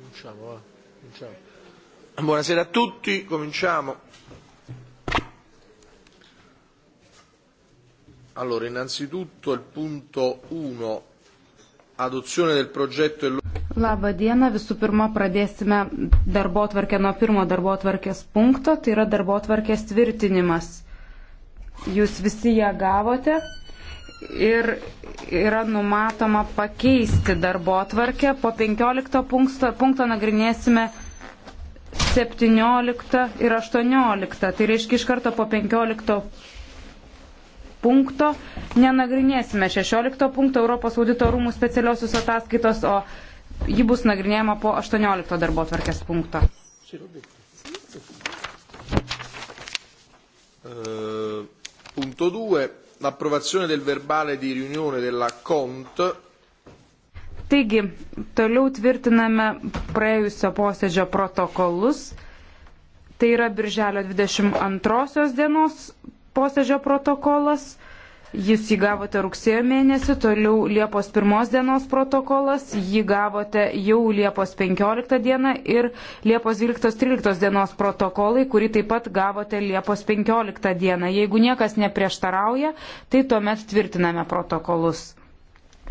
Cominciamo, va. Cominciamo. Buonasera a tutti, cominciamo. Allora, innanzitutto il punto 1, adozione del progetto e... Labą dieną, visų pirma pradėsime darbo tvarkę nuo pirmo darbo tvarkės punkto, tai yra darbo tvarkės tvirtinimas. Jūs visi ją gavote ir yra numatoma pakeisti darbo atvarkę. Po 15 punkto, punkto nagrinėsime 17 ir 18. Tai reiškia iš karto po 15 punkto nenagrinėsime 16 punkto Europos audito rūmų specialiosios ataskaitos, o ji bus nagrinėjama po 18 darbo atvarkės punkto. Uh, punto 2 l'approvazione del verbale di riunione della CONT. Taigi, toliau tvirtiname praėjusio posėdžio protokolus. Tai yra birželio 22 dienos posėdžio protokolas. Jis jį gavote rugsėjo mėnesį, toliau Liepos 1 dienos protokolas, jį gavote jau Liepos 15 dieną ir Liepos 12-13 dienos protokolai, kurį taip pat gavote Liepos 15 dieną. Jeigu niekas neprieštarauja, tai tuomet tvirtiname protokolus.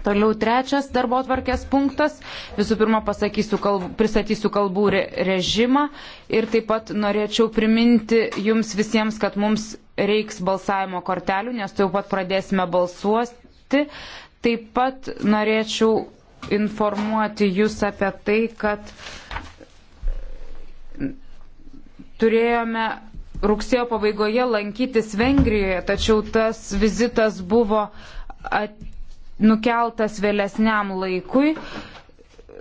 Toliau trečias darbo atvarkės punktas. Visų pirma, kalb, pristatysiu kalbų re, režimą ir taip pat norėčiau priminti jums visiems, kad mums reiks balsavimo kortelių, nes tu jau pat pradėsime balsuoti. Taip pat norėčiau informuoti jūs apie tai, kad turėjome rugsėjo pabaigoje lankytis Vengrijoje, tačiau tas vizitas buvo at, nukeltas vėlesniam laikui.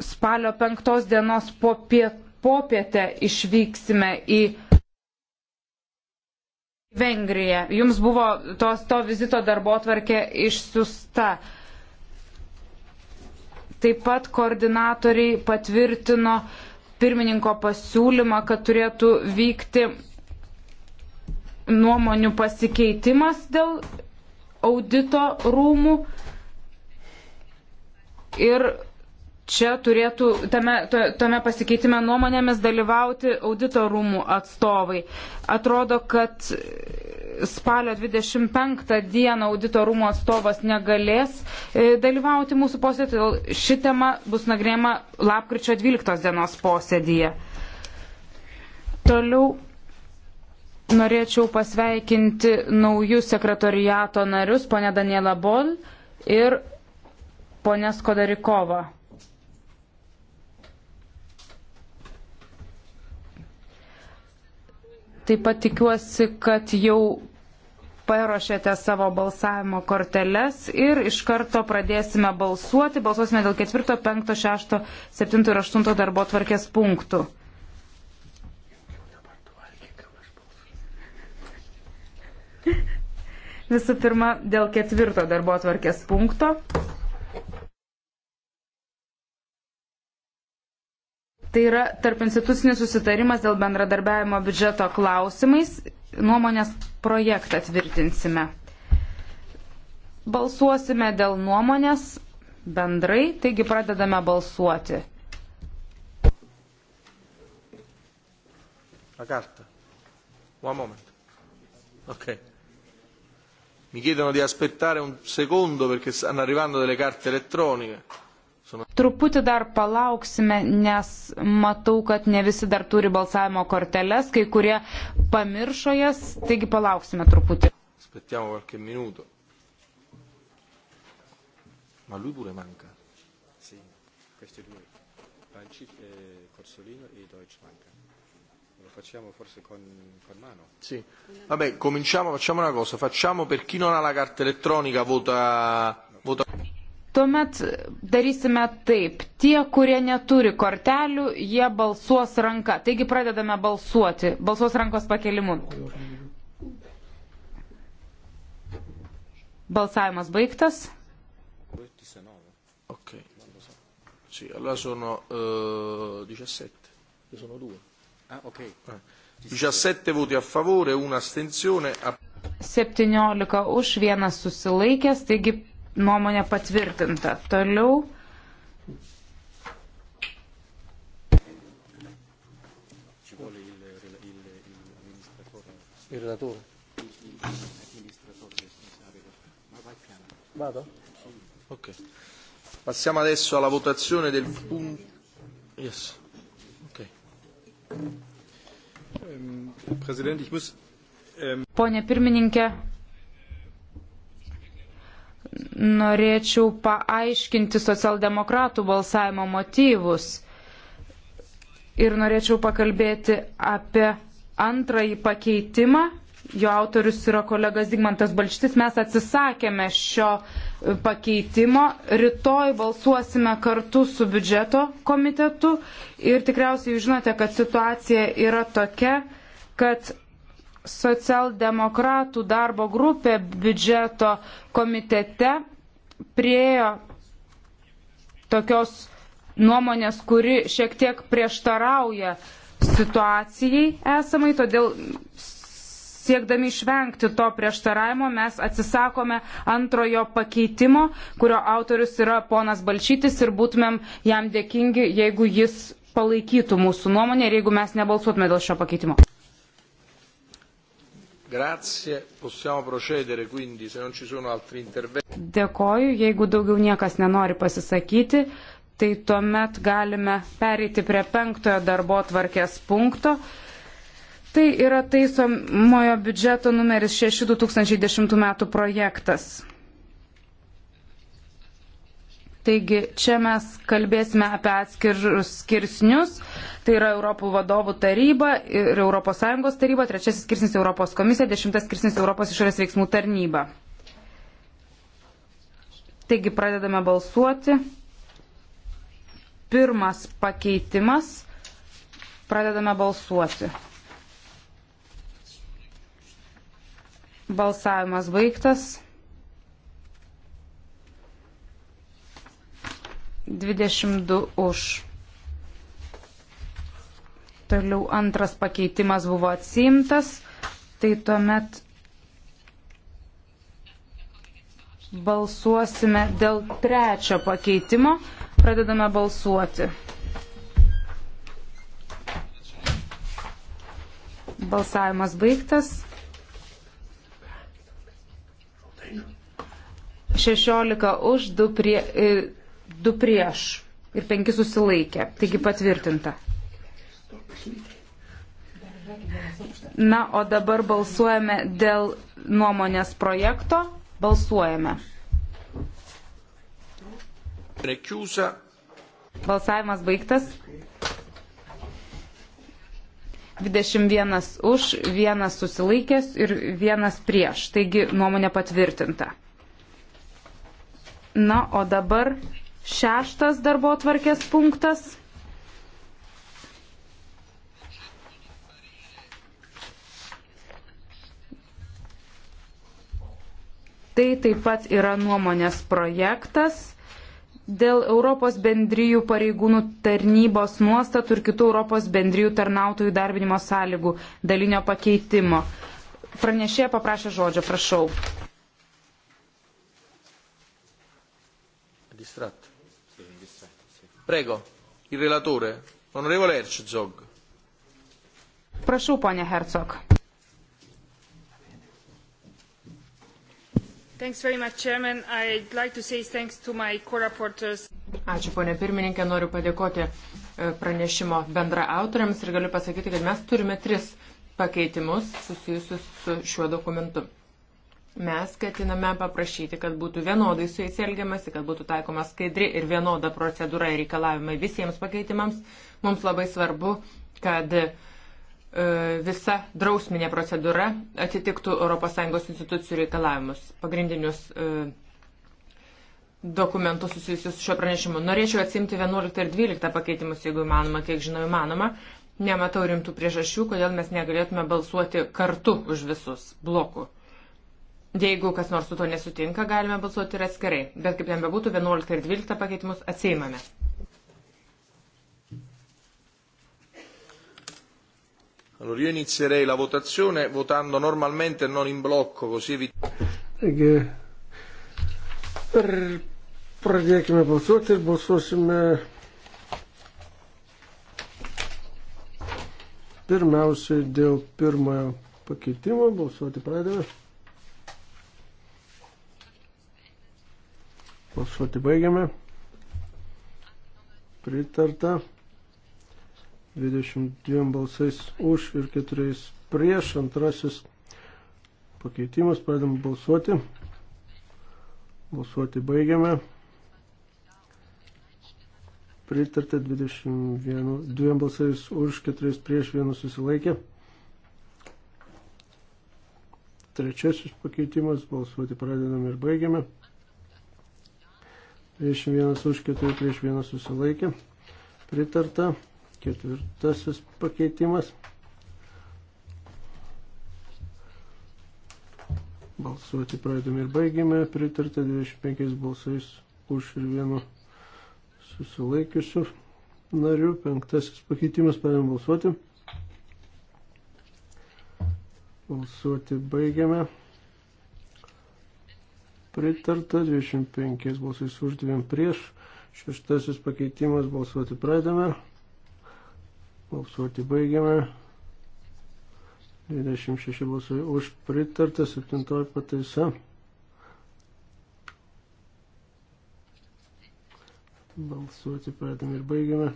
Spalio penktos dienos popietę po išvyksime į Vengrija. Jums buvo tos, to vizito darbo tvarkė išsiusta. Taip pat koordinatoriai patvirtino pirmininko pasiūlymą, kad turėtų vykti nuomonių pasikeitimas dėl audito rūmų ir čia turėtų tame, tame pasikeitime nuomonėmis dalyvauti auditorumų atstovai. Atrodo, kad spalio 25 dieną auditorumų atstovas negalės e, dalyvauti mūsų posėdėje. Ši tema bus nagrėjama lapkričio 12 dienos posėdėje. Toliau norėčiau pasveikinti naujus sekretoriato narius, ponę Danielą Bol ir ponę Skodarikova. Taip pat tikiuosi, kad jau paruošėte savo balsavimo korteles ir iš karto pradėsime balsuoti. Balsuosime dėl 4, 5, 6, 7 ir 8 darbo tvarkės punktų. Visų pirma, dėl ketvirto darbo tvarkės punkto. Tai yra tarp institucinis susitarimas dėl bendradarbiavimo biudžeto klausimais. Nuomonės projektą tvirtinsime. Balsuosime dėl nuomonės bendrai, taigi pradedame balsuoti. La carta. One moment. Ok. Mi chiedono di aspettare un secondo perché stanno arrivando delle carte elettroniche. Truputį dar palauksime, nes matau, kad ne visi dar turi balsavimo korteles, kai kurie pamiršo jas, taigi palauksime truputį. Aspettiamo qualche minuto. Ma lui pure manca. Sì, questi due, Panci, eh, Corsolino e Deutsch manca. Lo facciamo forse con, con mano? Sì. Vabbè, cominciamo, facciamo una cosa. Facciamo per chi non ha la carta elettronica, vota... vota... Tuomet darysime taip. Tie, kurie neturi kortelių, jie balsuos ranka. Taigi pradedame balsuoti. Balsuos rankos pakelimu. Balsavimas baigtas. Ok. Sì, allora sono uh, eh, 17. Io sono due. Ah, ok. 17 eh, voti a favore, una astensione. A... 17 už, vienas susilaikęs, taigi nuomonė patvirtinta. Toliau. Il relatore. Vado? Ok. Passiamo adesso alla votazione del punto. Yes. Okay. Ähm, Herr Präsident, ich muss. Ähm Pone pirmininkė, norėčiau paaiškinti socialdemokratų balsavimo motyvus ir norėčiau pakalbėti apie antrąjį pakeitimą. Jo autorius yra kolegas Zigmantas Balčytis. Mes atsisakėme šio pakeitimo. Rytoj balsuosime kartu su biudžeto komitetu ir tikriausiai jūs žinote, kad situacija yra tokia, kad socialdemokratų darbo grupė biudžeto komitete priejo tokios nuomonės, kuri šiek tiek prieštarauja situacijai esamai, todėl siekdami išvengti to prieštaravimo mes atsisakome antrojo pakeitimo, kurio autorius yra ponas Balčytis ir būtumėm jam dėkingi, jeigu jis palaikytų mūsų nuomonę ir jeigu mes nebalsuotume dėl šio pakeitimo. Grazie, possiamo procedere quindi se non ci sono altri interventi. Dėkoju, jeigu daugiau niekas nenori pasisakyti, tai tuomet galime pereiti prie penktojo darbo tvarkės punkto. Tai yra taisomojo biudžeto numeris 6 2010 metų projektas. Taigi čia mes kalbėsime apie atskirus skirsnius, tai yra Europų vadovų taryba ir ES taryba, trečiasis skirsnis Europos komisija, dešimtas skirsnis Europos išorės veiksmų tarnyba. Taigi pradedame balsuoti. Pirmas pakeitimas. Pradedame balsuoti. Balsavimas baigtas. 22 už. Toliau antras pakeitimas buvo atsimtas. Tai tuomet balsuosime dėl trečio pakeitimo. Pradedame balsuoti. Balsavimas baigtas. 16 už, 2 prie, e, 2 prieš ir 5 susilaikė. Taigi patvirtinta. Na, o dabar balsuojame dėl nuomonės projekto. Balsuojame. Prekiusa. Balsavimas baigtas. 21 už, vienas susilaikęs ir vienas prieš. Taigi nuomonė patvirtinta. Na, o dabar šeštas darbo tvarkės punktas. Tai taip pat yra nuomonės projektas dėl Europos bendryjų pareigūnų tarnybos nuostatų ir kitų Europos bendryjų tarnautojų darbinimo sąlygų dalinio pakeitimo. Pranešėja paprašė žodžio, prašau. Prego, il relatore, onorevole Herzog. Prašau, ponė Herzog. Much, like Ačiū, ponė pirmininkė, noriu padėkoti e, pranešimo bendra autoriams ir galiu pasakyti, kad mes turime tris pakeitimus susijusius su šiuo dokumentu. Mes ketiname paprašyti, kad būtų vienodai su jais elgiamasi, kad būtų taikoma skaidri ir vienoda procedūra ir reikalavimai visiems pakeitimams. Mums labai svarbu, kad e, visa drausminė procedūra atitiktų ES institucijų reikalavimus, pagrindinius e, dokumentus susijusius su šio pranešimu. Norėčiau atsimti 11 ir 12 pakeitimus, jeigu įmanoma, kiek žinau įmanoma. Nematau rimtų priežasčių, kodėl mes negalėtume balsuoti kartu už visus blokų. Jeigu kas nors su to nesutinka, galime balsuoti ir atskirai. Bet kaip ten bebūtų, 11 ir 12 pakeitimus atsijimame. Allora io inizierei la votazione votando normalmente e non in blocco, così evitiamo. Pradėkime balsuoti ir balsuosime pirmiausiai dėl pirmojo pakeitimo. Balsuoti pradėjome. Balsuoti baigiame. Pritarta. 22 balsais už ir 4 prieš. Antrasis pakeitimas. Pradėm balsuoti. Balsuoti baigiame. Pritarta 21, 2 balsais už, 4 prieš, 1 susilaikė. Trečiasis pakeitimas. Balsuoti pradedame ir baigiame. 21 už 4 prieš 1 susilaikė. Pritarta. Ketvirtasis pakeitimas. Balsuoti pradėm ir baigėme. Pritarta 25 balsais už ir vienu susilaikiusiu nariu. Penktasis pakeitimas pradėm balsuoti. Balsuoti baigėme pritarta, 25 balsais už, 2 prieš. Šeštasis pakeitimas balsuoti pradame. Balsuoti baigiame. 26 balsai už pritarta, 7 pataisa. Balsuoti pradame ir baigiame.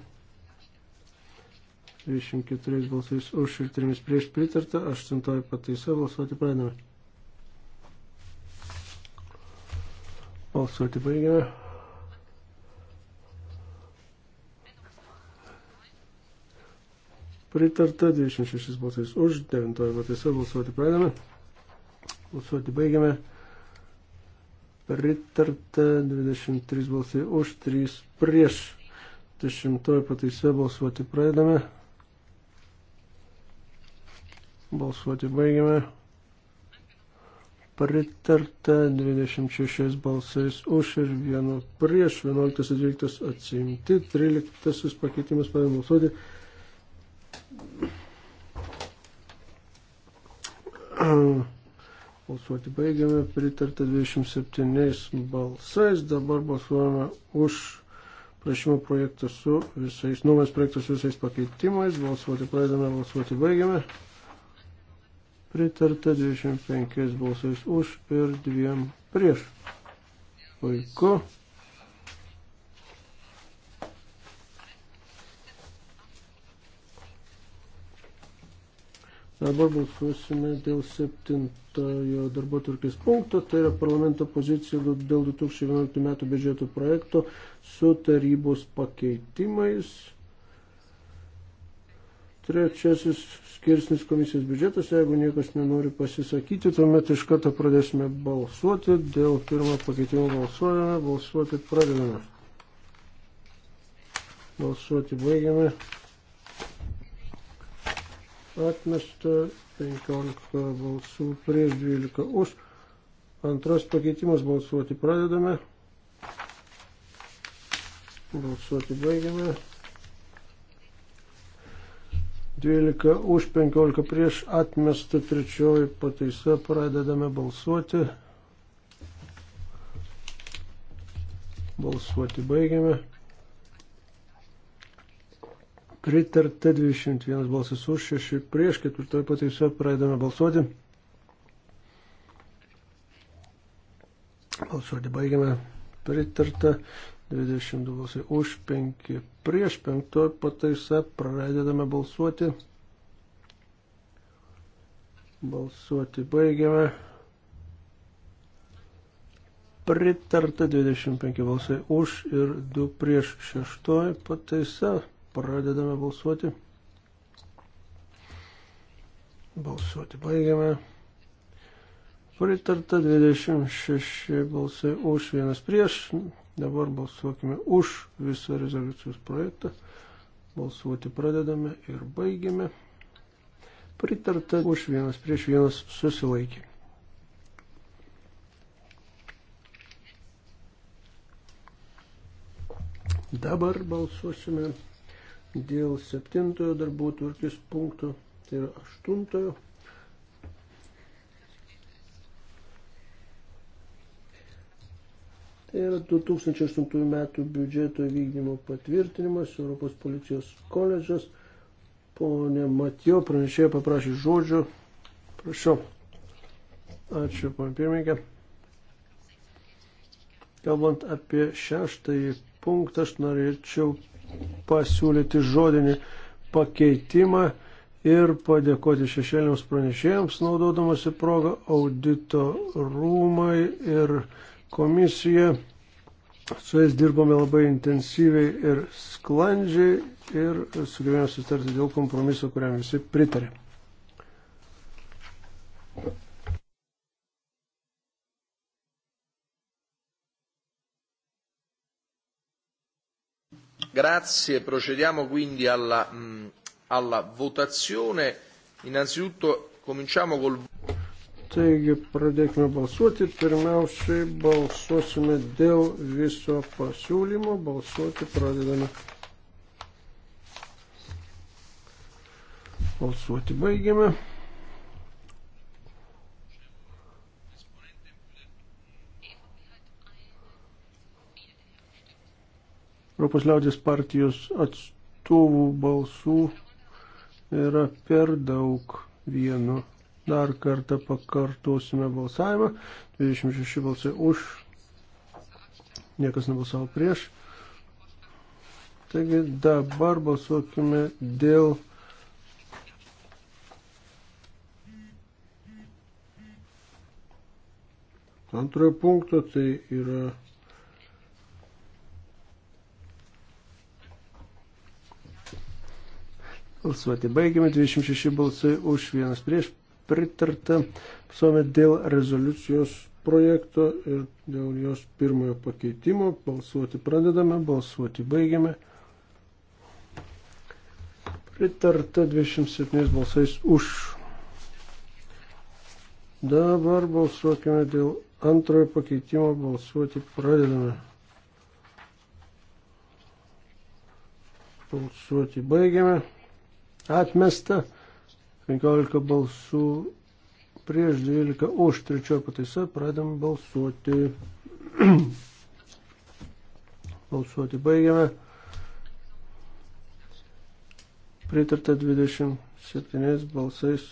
24 balsais už ir 3 prieš pritarta, 8 pataisa, balsuoti pradame. Balsuoti baigiame. Pritarta 26 balsais už, 9 balsais balsuoti pradame. Balsuoti baigiame. Pritarta 23 balsai už, 3 prieš. 10 pataisa balsuoti pradame. Balsuoti baigiame pritarta 26 balsais už ir vieno prieš, 11 ir 12 atsiimti, 13 pakeitimas pavėm balsuoti. Balsuoti baigiame, pritarta 27 balsais, dabar balsuojame už prašymo projektą su visais, nuomės projektą su visais pakeitimais, balsuoti pradedame, balsuoti baigiame pritarta 25 balsais už ir dviem prieš. Puiku. Dabar balsuosime dėl septintojo darbo turkės punkto, tai yra parlamento pozicija dėl 2011 metų biudžeto projekto su tarybos pakeitimais. Trečiasis skirsnis komisijos biudžetas, jeigu niekas nenori pasisakyti, tuomet iš karto pradėsime balsuoti. Dėl pirmo pakeitimo balsuojame, balsuoti pradedame. Balsuoti baigiame. Atmesta 15 balsų prieš 12 už. Antras pakeitimas balsuoti pradedame. Balsuoti baigiame 12 už 15 prieš atmestą trečioji pataisa. Pradedame balsuoti. Balsuoti baigiame. Pritarta 21 balsas už 6 prieš ketvirtoji pataisa. Pradedame balsuoti. Balsuoti baigiame. Pritarta 22 balsai už 5 prieš penktoji pataisa pradedame balsuoti. Balsuoti baigiame. Pritarta 25 balsai už ir 2 prieš šeštoji pataisa. Pradedame balsuoti. Balsuoti baigiame. Pritarta 26 balsai už, vienas prieš, Dabar balsuokime už visą rezoliucijos projektą. Balsuoti pradedame ir baigiame. Pritarta už vienas prieš vienas susilaikė. Dabar balsuosime dėl septintojo darbų tvarkės punkto, tai yra aštuntojo. ir 2008 metų biudžeto vykdymo patvirtinimas Europos policijos koledžas. Pone Matijo pranešėjo paprašė žodžio. Prašau. Ačiū, pane pirmininkė. Kalbant apie šeštąjį punktą, aš norėčiau pasiūlyti žodinį pakeitimą ir padėkoti šešėliams pranešėjams, naudodamasi progą audito rūmai ir komisija. Su jais dirbome labai intensyviai ir sklandžiai ir sugebėjome sustarti dėl kompromiso, kuriam visi pritarė. Grazie, procediamo quindi alla, mh, mm, alla votazione. Innanzitutto cominciamo col Taigi pradėkime balsuoti. Pirmiausiai balsuosime dėl viso pasiūlymo. Balsuoti pradedame. Balsuoti baigiame. Europos liaudės partijos atstovų balsų yra per daug vienu Dar kartą pakartosime balsavimą. 26 balsai už. Niekas nebalsavo prieš. Taigi dabar balsuokime dėl antrojo punkto. Tai yra balsuoti. Baigėme 26 balsai už vienas prieš pritarta visuomet dėl rezoliucijos projekto ir dėl jos pirmojo pakeitimo. Balsuoti pradedame, balsuoti baigiame. Pritarta 207 balsais už. Dabar balsuokime dėl antrojo pakeitimo, balsuoti pradedame. Balsuoti baigiame. Atmesta 15 balsų prieš 12 už trečioje pataisa pradėm balsuoti. balsuoti baigiame. Pritarta 27 balsais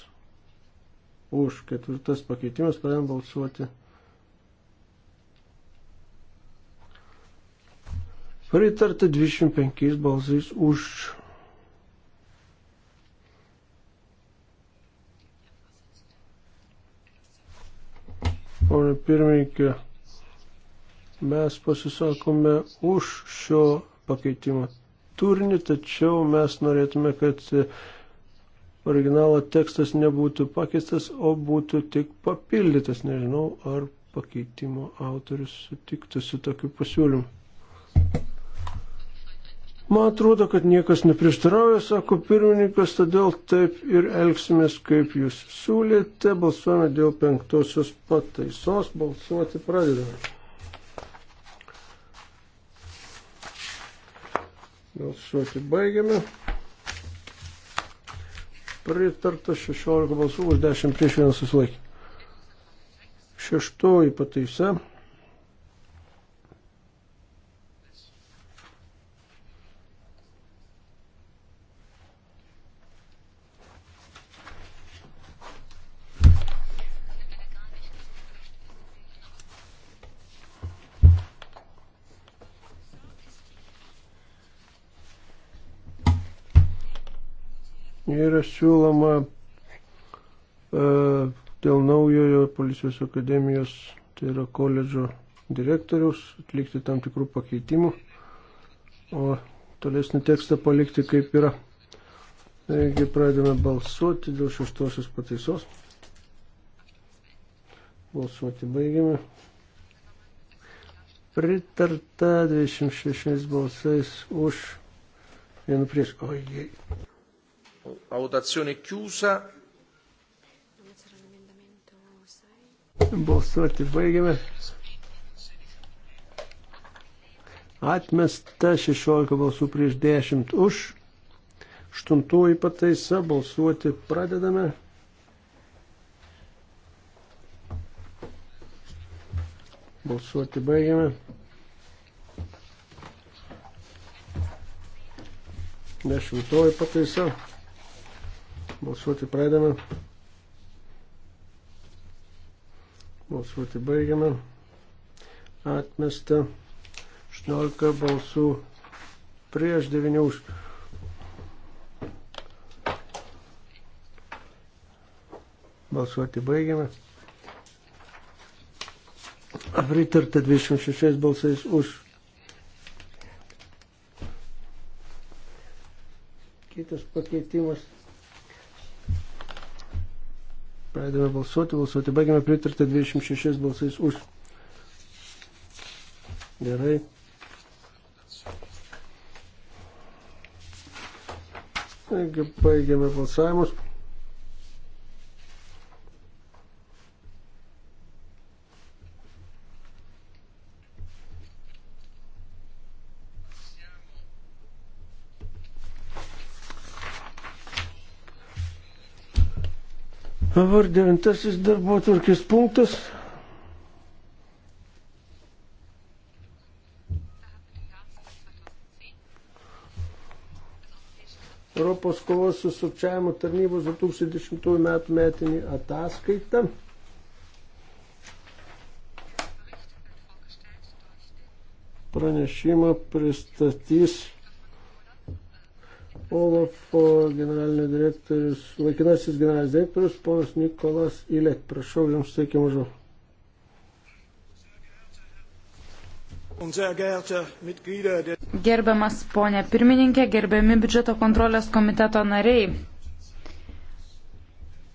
už ketvirtas pakeitimas pradėm balsuoti. Pritarta 25 balsais už Pone pirmininkė, mes pasisakome už šio pakeitimo turinį, tačiau mes norėtume, kad originalo tekstas nebūtų pakeistas, o būtų tik papildytas. Nežinau, ar pakeitimo autorius sutiktų su tokiu pasiūlymu. Man atrodo, kad niekas neprieštarauja, sako pirmininkas, todėl taip ir elgsimės, kaip jūs siūlėte. Balsuojame dėl penktosios pataisos. Balsuoti pradedame. Balsuoti baigiame. Pritarta 16 balsų už 10 prieš 1 susilaikė. Šeštoji pataisa. siūloma e, dėl naujojo policijos akademijos, tai yra koledžo direktoriaus, atlikti tam tikrų pakeitimų, o tolesnį tekstą palikti kaip yra. Taigi pradėme balsuoti dėl šeštosios pataisos. Balsuoti baigiame. Pritarta 26 balsais už vienu prieš. Ojei. La votazione è chiusa. Balsuoti baigiame. Atmesta 16 balsų prieš 10 už. Štuntoji pataisa, balsuoti pradedame. Balsuoti baigiame. Dešimtoji pataisa. Balsuoti pradame. Balsuoti baigiame. Atmesta 18 balsų prieš 9 už. Balsuoti baigiame. Pritarta 26 balsais už. Kitas pakeitimas Pradėjome balsuoti, balsuoti. Baigėme pritarti 26 balsais už. Gerai. Taigi baigėme balsavimus. Dabar devintasis darbo turkis punktas. Europos kovos su sukčiavimu tarnybos 2010 metų metinį ataskaitą. Pranešimą pristatys Olafo generalinio direktorius, laikinasis generalinis direktorius, ponas Nikolas Ilek. Prašau, jums teikiamą žodį. Gerbiamas ponė pirmininkė, gerbiami biudžeto kontrolės komiteto nariai.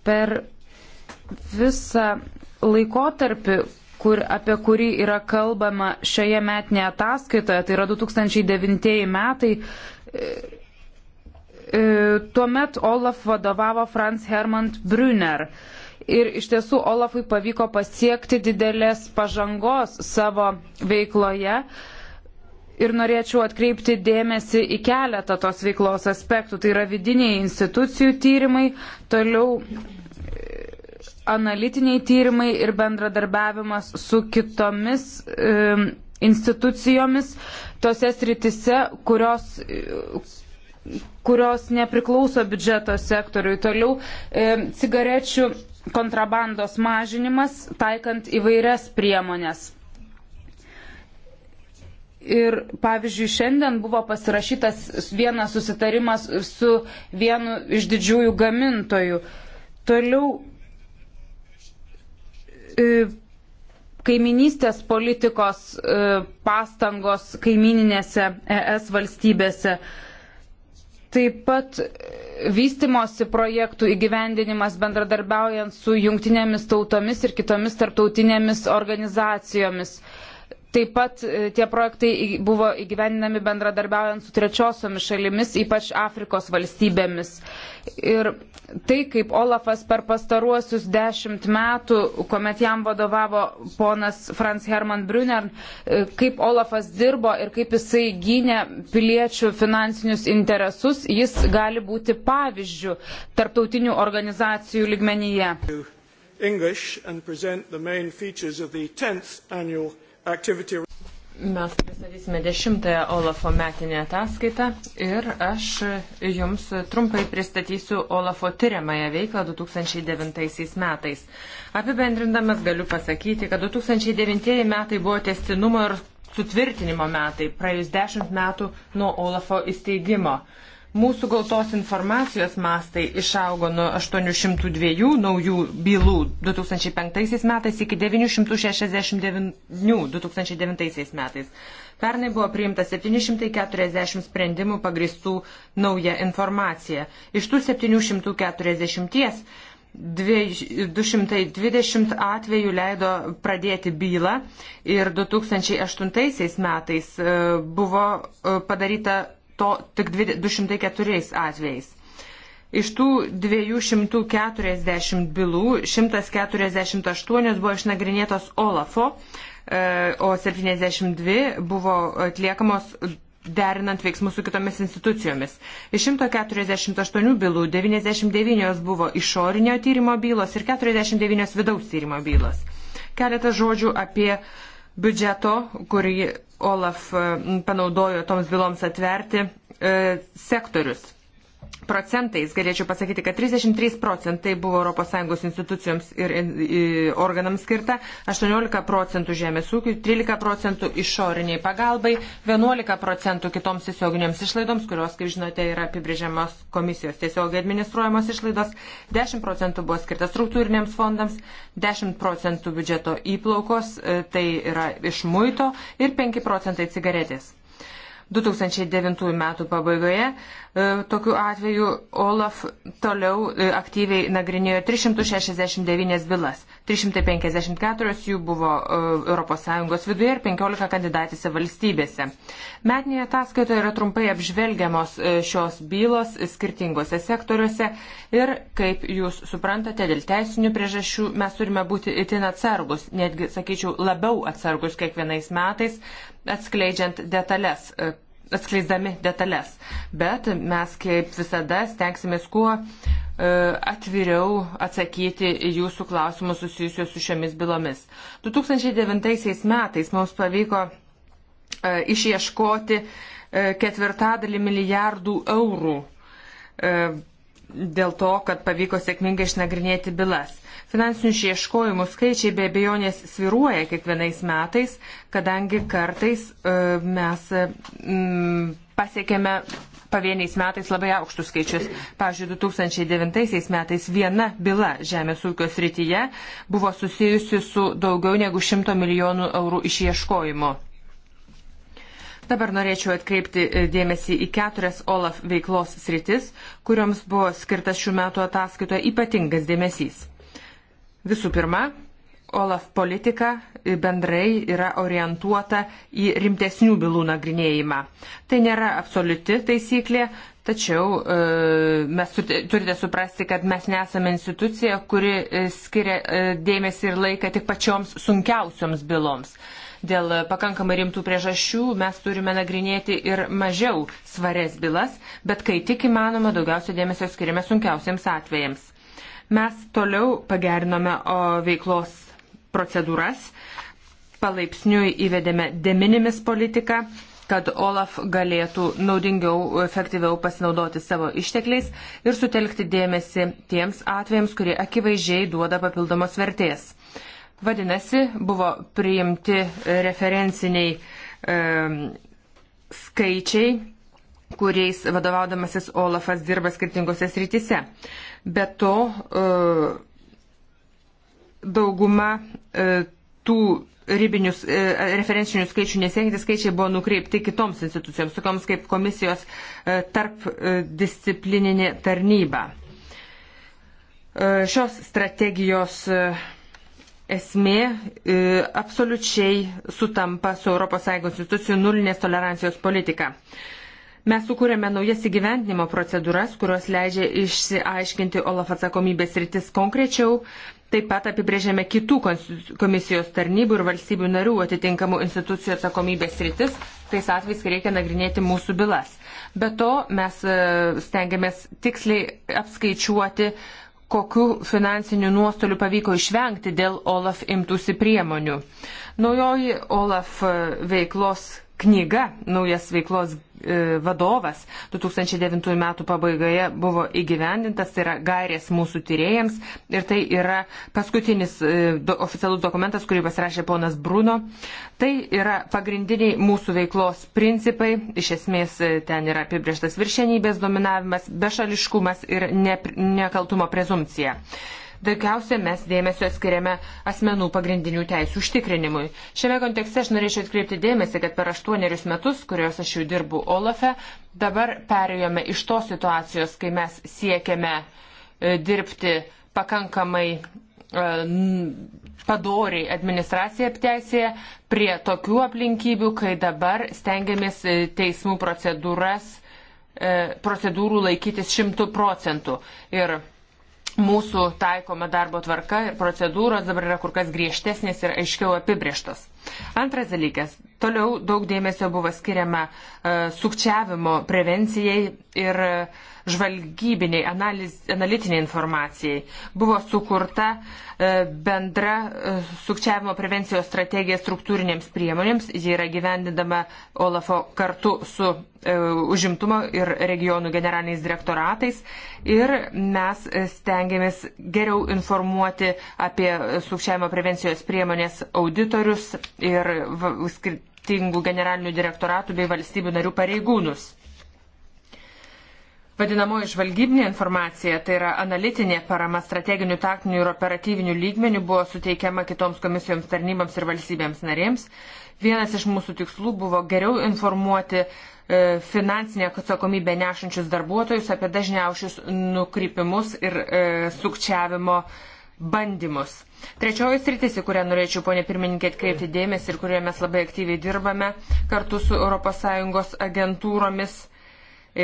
Per visą laikotarpį, kur, apie kurį yra kalbama šioje metinėje ataskaitoje, tai yra 2009 metai, E, tuomet Olaf vadovavo Franz Hermann Brüner. Ir iš tiesų Olafui pavyko pasiekti didelės pažangos savo veikloje. Ir norėčiau atkreipti dėmesį į keletą tos veiklos aspektų. Tai yra vidiniai institucijų tyrimai, toliau e, analitiniai tyrimai ir bendradarbiavimas su kitomis e, institucijomis tose sritise, kurios, e, kurios nepriklauso biudžeto sektoriui. Toliau e, cigarečių kontrabandos mažinimas, taikant įvairias priemonės. Ir pavyzdžiui, šiandien buvo pasirašytas vienas susitarimas su vienu iš didžiųjų gamintojų. Toliau e, kaiminystės politikos e, pastangos kaimininėse ES valstybėse. E, Taip pat e, vystimosi projektų įgyvendinimas bendradarbiaujant su jungtinėmis tautomis ir kitomis tarptautinėmis organizacijomis. Uh, Taip pat e, tie projektai buvo įgyveninami bendradarbiaujant su trečiosiomis šalimis, ypač Afrikos valstybėmis. Ir tai, kaip Olafas per pastaruosius dešimt metų, kuomet jam vadovavo ponas Franz Hermann Brunner, e, kaip Olafas dirbo ir kaip jisai gynė piliečių finansinius interesus, jis gali būti pavyzdžių tarptautinių organizacijų ligmenyje. English and present the main features of the 10th annual activity. Mes pristatysime dešimtąją Olafo metinę ataskaitą ir aš jums trumpai pristatysiu Olafo tyriamąją veiklą 2009 metais. Apibendrindamas galiu pasakyti, kad 2009 metai buvo testinumo ir sutvirtinimo metai, praėjus dešimt metų nuo Olafo įsteigimo. Mūsų gautos informacijos mastai išaugo nuo 802 naujų bylų 2005 metais iki 969 2009 metais. Pernai buvo priimta 740 sprendimų pagristų nauja informacija. Iš tų 740 220 atvejų leido pradėti bylą ir 2008 metais e, buvo e, padaryta to tik 204 atvejais. Iš tų 240 bylų 148 buvo išnagrinėtos Olafo, e, o 72 buvo atliekamos derinant veiksmus su kitomis institucijomis. Iš 148 bylų 99 buvo išorinio tyrimo bylos ir 49 vidaus tyrimo bylos. Keletas žodžių apie biudžeto, kurį Olaf e, panaudojo toms byloms atverti e, sektorius procentais galėčiau pasakyti, kad 33 procentai buvo ES institucijoms ir organams skirta, 18 procentų žemės ūkiui, 13 procentų išoriniai pagalbai, 11 procentų kitoms tiesioginėms išlaidoms, kurios, kaip žinote, yra apibrėžiamos komisijos tiesiogiai administruojamos išlaidos, 10 procentų buvo skirta struktūrinėms fondams, 10 procentų biudžeto įplaukos, e, tai yra iš muito ir 5 procentai cigaretės. 2009 metų pabaigoje e, tokiu atveju Olaf toliau e, aktyviai nagrinėjo 369 bylas. 354 jų buvo ES viduje ir 15 kandidatėse valstybėse. Metinėje ataskaitoje yra trumpai apžvelgiamos e, šios bylos skirtingose sektoriuose ir, kaip jūs suprantate, dėl teisinių priežasčių mes turime būti itin atsargus, netgi, sakyčiau, labiau atsargus kiekvienais metais, atskleidžiant detalės e, atskleisdami detalės. Bet mes kaip visada stengsimės kuo uh, E, atviriau atsakyti į jūsų klausimus susijusius su šiomis bylomis. 2009 metais mums pavyko e, išieškoti e, ketvirtadalį milijardų eurų dėl to, kad pavyko sėkmingai išnagrinėti bylas. Finansinių išieškojimų skaičiai be abejonės sviruoja kiekvienais metais, kadangi kartais mes pasiekėme pavieniais metais labai aukštus skaičius. Pavyzdžiui, 2009 metais viena byla žemės ūkio srityje buvo susijusi su daugiau negu 100 milijonų eurų išieškojimu. Dabar norėčiau atkreipti e, dėmesį į keturias OLAF veiklos sritis, kurioms buvo skirtas šių metų ataskaitoje ypatingas dėmesys. Visų pirma, OLAF politika bendrai yra orientuota į rimtesnių bylų nagrinėjimą. Tai nėra absoliuti taisyklė, tačiau e, mes turite suprasti, kad mes nesame institucija, kuri e, skiria e, dėmesį ir laiką tik pačioms sunkiausioms byloms. Dėl pakankamai rimtų priežasčių mes turime nagrinėti ir mažiau svarias bylas, bet kai tik įmanoma, daugiausia dėmesio skiriame sunkiausiems atvejams. Mes toliau pagerinome veiklos procedūras, palaipsniui įvedėme deminimis politiką, kad Olaf galėtų naudingiau, efektyviau pasinaudoti savo ištekliais ir sutelkti dėmesį tiems atvejams, kurie akivaizdžiai duoda papildomos vertės. Vadinasi, buvo priimti referenciniai e, skaičiai, kuriais vadovaudamasis Olafas dirba skirtingose srityse. Be to, e, dauguma e, tų ribinius e, referencinių skaičių nesiekinti skaičiai buvo nukreipti kitoms institucijoms, tokioms kaip komisijos e, tarp e, disciplininė tarnyba. E, šios strategijos e, esmė e, absoliučiai sutampa su ES institucijų nulinės tolerancijos politika. Mes sukūrėme naujas įgyvendinimo procedūras, kurios leidžia išsiaiškinti OLAF atsakomybės rytis konkrečiau Taip pat apibrėžėme kitų komisijos tarnybų ir valstybių narių atitinkamų institucijų atsakomybės rytis, tais atvejais, kai reikia nagrinėti mūsų bylas. Be to mes e, stengiamės tiksliai apskaičiuoti, kokiu finansiniu nuostoliu pavyko išvengti dėl OLAF imtųsi priemonių. Naujoji OLAF e, veiklos knyga naujas veiklos e, vadovas 2009 metų pabaigoje buvo įgyvendintas, tai yra gairės mūsų tyrėjams ir tai yra paskutinis e, do, oficialus dokumentas, kurį pasirašė ponas Bruno. Tai yra pagrindiniai mūsų veiklos principai, iš esmės e, ten yra apibrieštas viršenybės dominavimas, bešališkumas ir ne, nekaltumo prezumcija. Daugiausia mes dėmesio skiriame asmenų pagrindinių teisų užtikrinimui. Šiame kontekste aš norėčiau atkreipti dėmesį, kad per aštuonerius metus, kuriuos aš jau dirbu Olafe, dabar perėjome iš tos situacijos, kai mes siekiame e, dirbti pakankamai e, padoriai administracija apteisėje prie tokių aplinkybių, kai dabar stengiamės e, teismų procedūras, procedūrų laikytis šimtų procentų. Ir mūsų taikoma darbo tvarka ir procedūros dabar yra kur kas griežtesnės ir aiškiau apibrieštos. Antras dalykas Toliau daug dėmesio buvo skiriama e, sukčiavimo prevencijai ir žvalgybiniai analiz, analitiniai informacijai. Buvo sukurta e, bendra e, sukčiavimo prevencijos strategija struktūrinėms priemonėms. Ji yra gyvendinama Olafo kartu su užimtumo ir regionų generaliniais direktoratais ir mes stengiamės geriau informuoti apie sukčiavimo prevencijos priemonės auditorius ir skirtingų generalinių direktoratų bei valstybių narių pareigūnus. Vadinamoji žvalgybinė informacija, tai yra analitinė parama strateginių, taktinių ir operatyvinių lygmenių buvo suteikiama kitoms komisijoms tarnyboms ir valstybėms narėms. Vienas iš mūsų tikslų buvo geriau informuoti e, finansinę atsakomybę nešančius darbuotojus apie dažniausius nukrypimus ir e, sukčiavimo bandymus. Trečioji sritis, į kurią norėčiau, ponė pirmininkė, atkreipti dėmesį ir kurioje mes labai aktyviai dirbame kartu su ES agentūromis,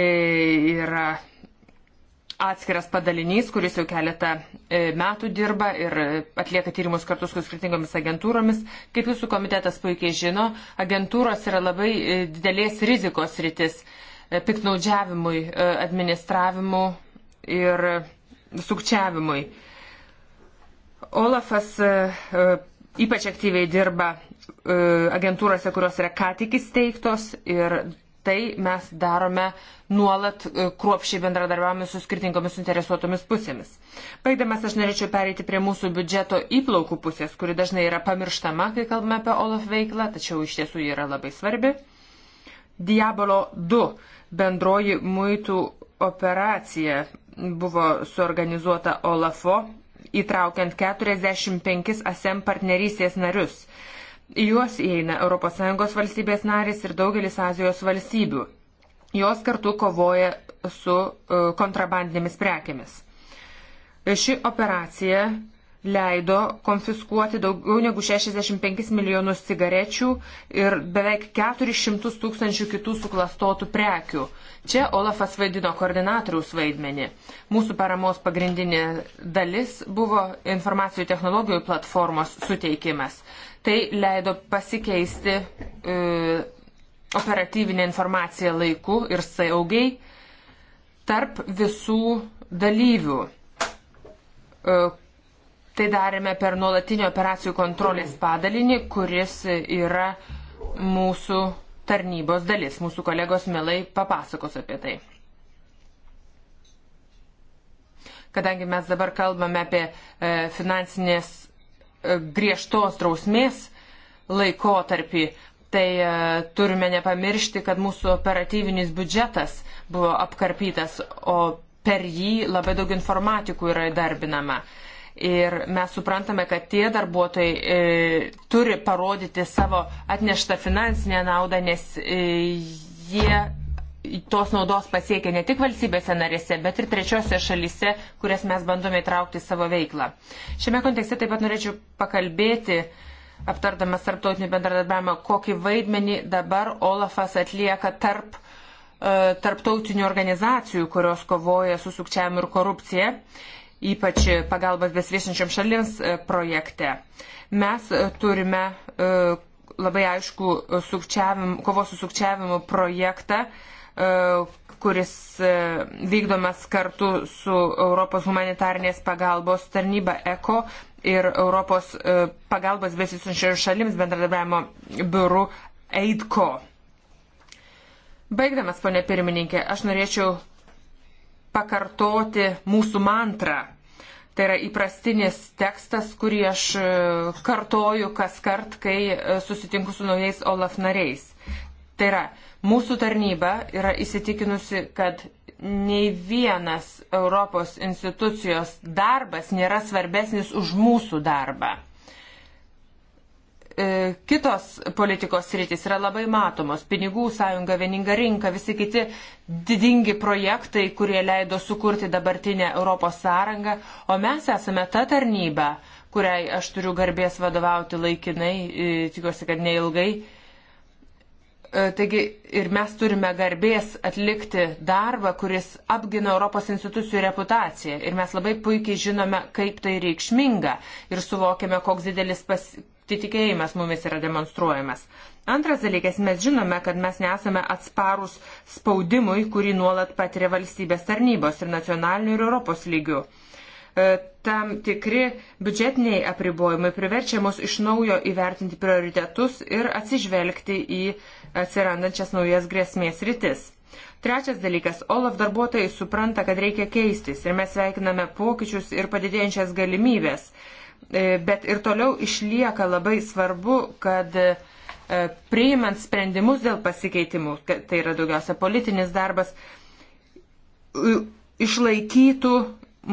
e, yra atskiras padalinys, kuris jau keletą e, metų dirba ir atlieka tyrimus kartu su skirtingomis agentūromis. Kaip jūsų komitetas puikiai žino, agentūros yra labai e, didelės rizikos rytis piknaudžiavimui, administravimui ir sukčiavimui. Olafas e, e, ypač aktyviai dirba e, agentūrose, kurios yra ką tik įsteigtos ir tai mes darome nuolat kruopšiai bendradarbiavame su skirtingomis suinteresuotomis pusėmis. Baigdamas aš norėčiau pereiti prie mūsų biudžeto įplaukų pusės, kuri dažnai yra pamirštama, kai kalbame apie Olaf veiklą, tačiau iš tiesų ji yra labai svarbi. Diabolo 2 bendroji muitų operacija buvo suorganizuota Olafo įtraukiant 45 ASEM partnerystės narius. Į juos įeina ES valstybės narės ir daugelis Azijos valstybių. Jos kartu kovoja su e, kontrabandinėmis prekėmis. Ši operacija leido konfiskuoti daugiau negu 65 milijonus cigarečių ir beveik 400 tūkstančių kitų suklastotų prekių. Čia Olafas vaidino koordinatoriaus vaidmenį. Mūsų paramos pagrindinė dalis buvo informacijų technologijų platformos suteikimas. Tai leido pasikeisti e, operatyvinę informaciją laiku ir saugiai tarp visų dalyvių, e, Tai darėme per nuolatinį operacijų kontrolės padalinį, kuris yra mūsų tarnybos dalis. Mūsų kolegos mielai papasakos apie tai. Kadangi mes dabar kalbame apie e, finansinės e, griežtos drausmės laikotarpį, tai e, turime nepamiršti, kad mūsų operatyvinis biudžetas buvo apkarpytas, o per jį labai daug informatikų yra įdarbinama. Ir mes suprantame, kad tie darbuotojai e, turi parodyti savo atneštą finansinę naudą, nes e, jie tos naudos pasiekia ne tik valstybėse narėse, bet ir trečiose šalise, kurias mes bandome įtraukti į savo veiklą. Šiame kontekste taip pat norėčiau pakalbėti, aptardamas tarptautinį bendradarbiavimą, kokį vaidmenį dabar Olafas atlieka tarp e, tarptautinių organizacijų, kurios kovoja su sukčiavimu ir korupcija ypač pagalbos besviešinčiam šalims e, projekte. Mes e, turime e, labai aišku kovos su sukčiavimu projektą, kuris vykdomas kartu su Europos humanitarnės pagalbos tarnyba ECO ir Europos pagalbos besisunčiojo šalims bendradarbiavimo biuru EIDCO. Baigdamas, ponė pirmininkė, aš norėčiau pakartoti mūsų mantrą. Tai yra įprastinis tekstas, kurį aš e, kartoju kas kart, kai e, susitinku su naujais OLAF nariais. Tai yra, mūsų tarnyba yra įsitikinusi, kad nei vienas Europos institucijos darbas nėra svarbesnis už mūsų darbą. E, kitos politikos sritis yra labai matomos. Pinigų sąjunga, vieninga rinka, visi kiti didingi projektai, kurie leido sukurti dabartinę Europos sąrangą, o mes esame ta tarnyba, kuriai aš turiu garbės vadovauti laikinai, e, tikiuosi, kad neilgai. E, taigi ir mes turime garbės atlikti darbą, kuris apgina Europos institucijų reputaciją. Ir mes labai puikiai žinome, kaip tai reikšminga ir suvokime, koks didelis pas, tai tikėjimas mumis yra demonstruojamas. Antras dalykas, mes žinome, kad mes nesame atsparus spaudimui, kurį nuolat patiria valstybės tarnybos ir nacionalinių ir Europos lygių. E, tam tikri biudžetiniai apribojimai priverčia mus iš naujo įvertinti prioritetus ir atsižvelgti į atsirandančias naujas grėsmės rytis. Trečias dalykas, OLAF darbuotojai supranta, kad reikia keistis ir mes sveikiname pokyčius ir padidėjančias galimybės E, bet ir toliau išlieka labai svarbu, kad e, priimant sprendimus dėl pasikeitimų, tai, tai yra daugiausia politinis darbas, išlaikytų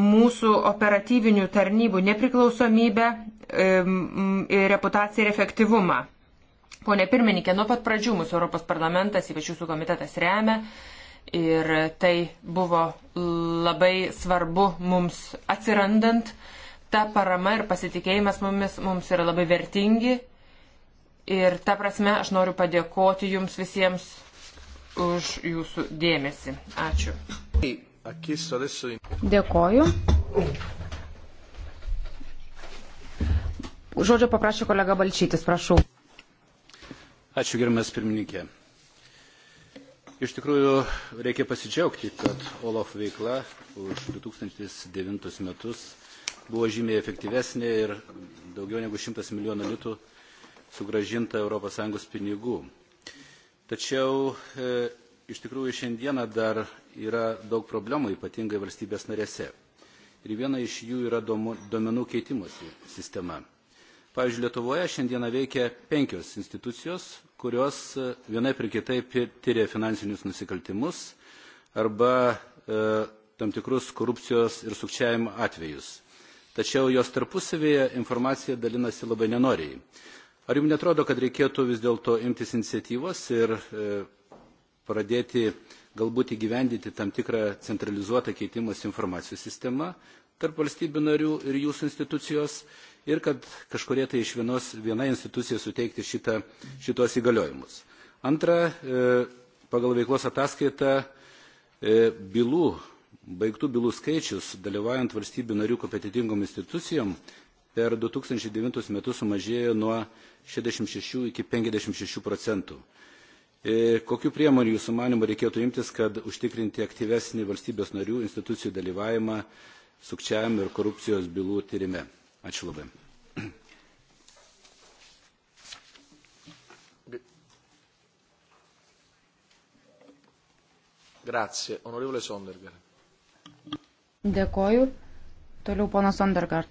mūsų operatyvinių tarnybų nepriklausomybę, e, reputaciją ir efektyvumą. Pone pirmininkė, nuo pat pradžių mūsų Europos parlamentas, ypač jūsų komitetas remia ir tai buvo labai svarbu mums atsirandant uh, ta parama ir pasitikėjimas mumis mums yra labai vertingi. Ir ta prasme aš noriu padėkoti jums visiems už jūsų dėmesį. Ačiū. Dėkoju. Žodžio paprašė kolega Balčytis, prašau. Ačiū, gerbiamas pirmininkė. Iš tikrųjų, reikia pasidžiaugti, kad OLAF veikla už 2009 metus buvo žymiai efektyvesnė ir daugiau negu 100 milijonų litų sugražinta ES pinigų. Tačiau e, iš tikrųjų šiandieną dar yra daug problemų, ypatingai valstybės narėse. Ir viena iš jų yra duomenų keitimosi sistema. Pavyzdžiui, Lietuvoje šiandieną veikia penkios institucijos, kurios e, vienai per kitaip tyria finansinius nusikaltimus arba e, tam tikrus korupcijos ir sukčiavimo atvejus tačiau jos tarpusavėje informacija dalinasi labai nenoriai. Ar jums netrodo, kad reikėtų vis dėlto imtis iniciatyvos ir e, pradėti galbūt įgyvendyti tam tikrą centralizuotą keitimas informacijos sistemą tarp valstybių narių ir jūsų institucijos ir kad kažkurie tai iš vienos viena institucija suteikti šitą, šitos įgaliojimus. Antra, e, pagal veiklos ataskaitą e, bylų Baigtų bylų skaičius, dalyvaujant valstybių narių kompetitingom institucijom, per 2009 metus sumažėjo nuo 66 iki 56 procentų. E, Kokiu priemonių jūsų manimo reikėtų imtis, kad užtikrinti aktyvesnį valstybės narių institucijų dalyvavimą sukčiavimo ir korupcijos bylų tyrime? Ačiū labai. Grazie. Onorevole Sondergaard. Dėkoju. Toliau ponas Sondergaard.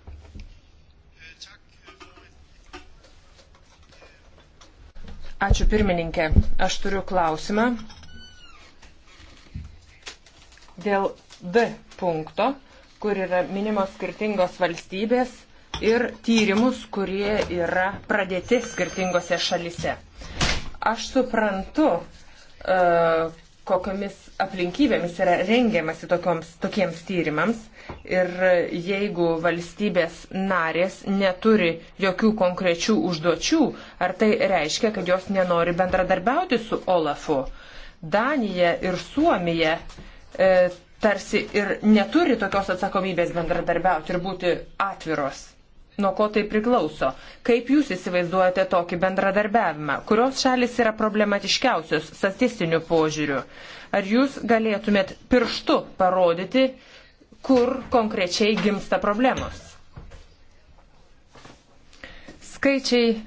Ačiū pirmininkė. Aš turiu klausimą dėl D punkto, kur yra minimos skirtingos valstybės ir tyrimus, kurie yra pradėti skirtingose šalise. Aš suprantu, e, kokiamis aplinkybėmis yra rengiamasi tokioms, tokiems tyrimams ir jeigu valstybės narės neturi jokių konkrečių užduočių, ar tai reiškia, kad jos nenori bendradarbiauti su Olafu? Danija ir Suomija e, tarsi ir neturi tokios atsakomybės bendradarbiauti ir būti atviros nuo ko tai priklauso. Kaip jūs įsivaizduojate tokį bendradarbiavimą? Kurios šalis yra problematiškiausios statistiniu požiūriu? Ar jūs galėtumėt pirštu parodyti, kur konkrečiai gimsta problemos? Skaičiai e,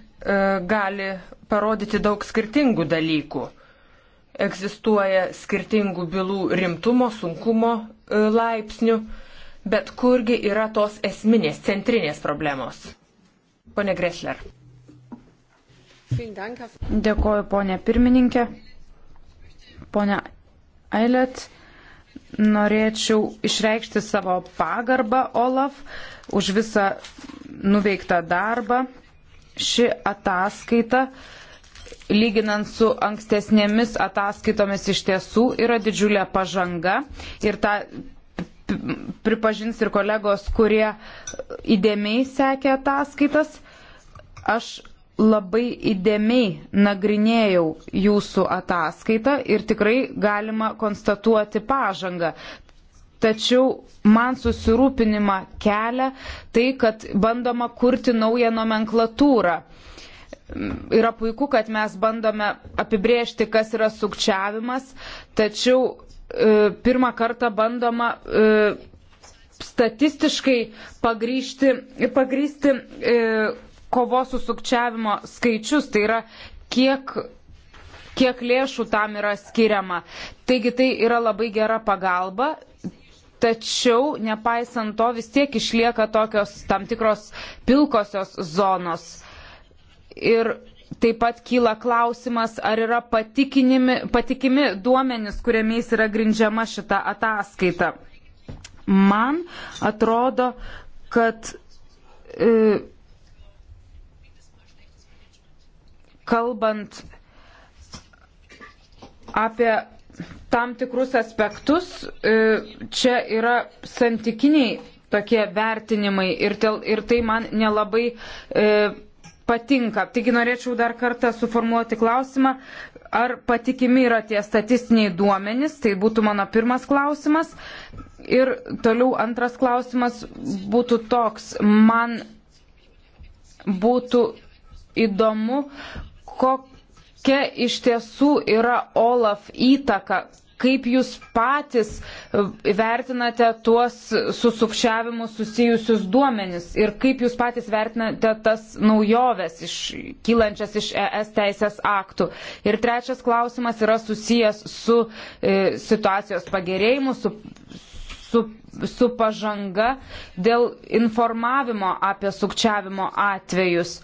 gali parodyti daug skirtingų dalykų. Egzistuoja skirtingų bylų rimtumo, sunkumo e, laipsnių bet kurgi yra tos esminės, centrinės problemos. Pone Gresler. Dėkoju, ponė pirmininkė. Pone Ailet, norėčiau išreikšti savo pagarbą Olaf už visą nuveiktą darbą. Ši ataskaita lyginant su ankstesnėmis ataskaitomis iš tiesų yra didžiulė pažanga ir tą pripažins ir kolegos, kurie įdėmiai sekė ataskaitas. Aš labai įdėmiai nagrinėjau jūsų ataskaitą ir tikrai galima konstatuoti pažangą. Tačiau man susirūpinimą kelia tai, kad bandoma kurti naują nomenklatūrą. Yra puiku, kad mes bandome apibriežti, kas yra sukčiavimas, tačiau E, pirmą kartą bandoma e, statistiškai pagryžti, pagrysti e, kovos su sukčiavimo skaičius, tai yra kiek kiek lėšų tam yra skiriama. Taigi tai yra labai gera pagalba, tačiau nepaisant to vis tiek išlieka tokios tam tikros pilkosios zonos. Ir Taip pat kyla klausimas, ar yra patikimi duomenys, kuriamis yra grindžiama šita ataskaita. Man atrodo, kad e, kalbant apie tam tikrus aspektus, e, čia yra santykiniai tokie vertinimai ir, tel, ir tai man nelabai e, patinka. Taigi norėčiau dar kartą suformuoti klausimą, ar patikimi yra tie statistiniai duomenys, tai būtų mano pirmas klausimas. Ir toliau antras klausimas būtų toks, man būtų įdomu, kokia iš tiesų yra Olaf įtaka kaip jūs patys e, vertinate tuos su sukčiavimu susijusius duomenis ir kaip jūs patys vertinate tas naujoves iš, kylančias iš ES teisės aktų. Ir trečias klausimas yra susijęs su e, situacijos pagerėjimu, su, su, su pažanga dėl informavimo apie sukčiavimo atvejus.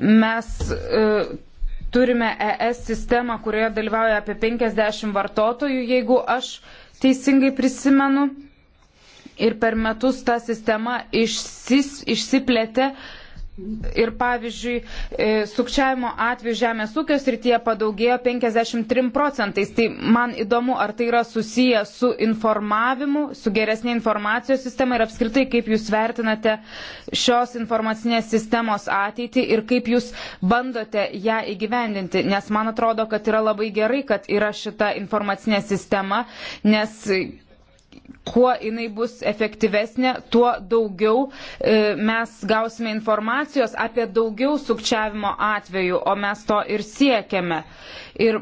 Mes e, turime ES sistemą, kurioje dalyvauja apie 50 vartotojų, jeigu aš teisingai prisimenu. Ir per metus ta sistema išsis, išsiplėtė Ir pavyzdžiui, e, sukčiavimo atveju žemės ūkio srityje padaugėjo 53 procentais. Tai man įdomu, ar tai yra susiję su informavimu, su geresnė informacijos sistema ir apskritai, kaip jūs vertinate šios informacinės sistemos ateitį ir kaip jūs bandote ją įgyvendinti. Nes man atrodo, kad yra labai gerai, kad yra šita informacinė sistema, nes kuo jinai bus efektyvesnė, tuo daugiau e, mes gausime informacijos apie daugiau sukčiavimo atvejų, o mes to ir siekiame. Ir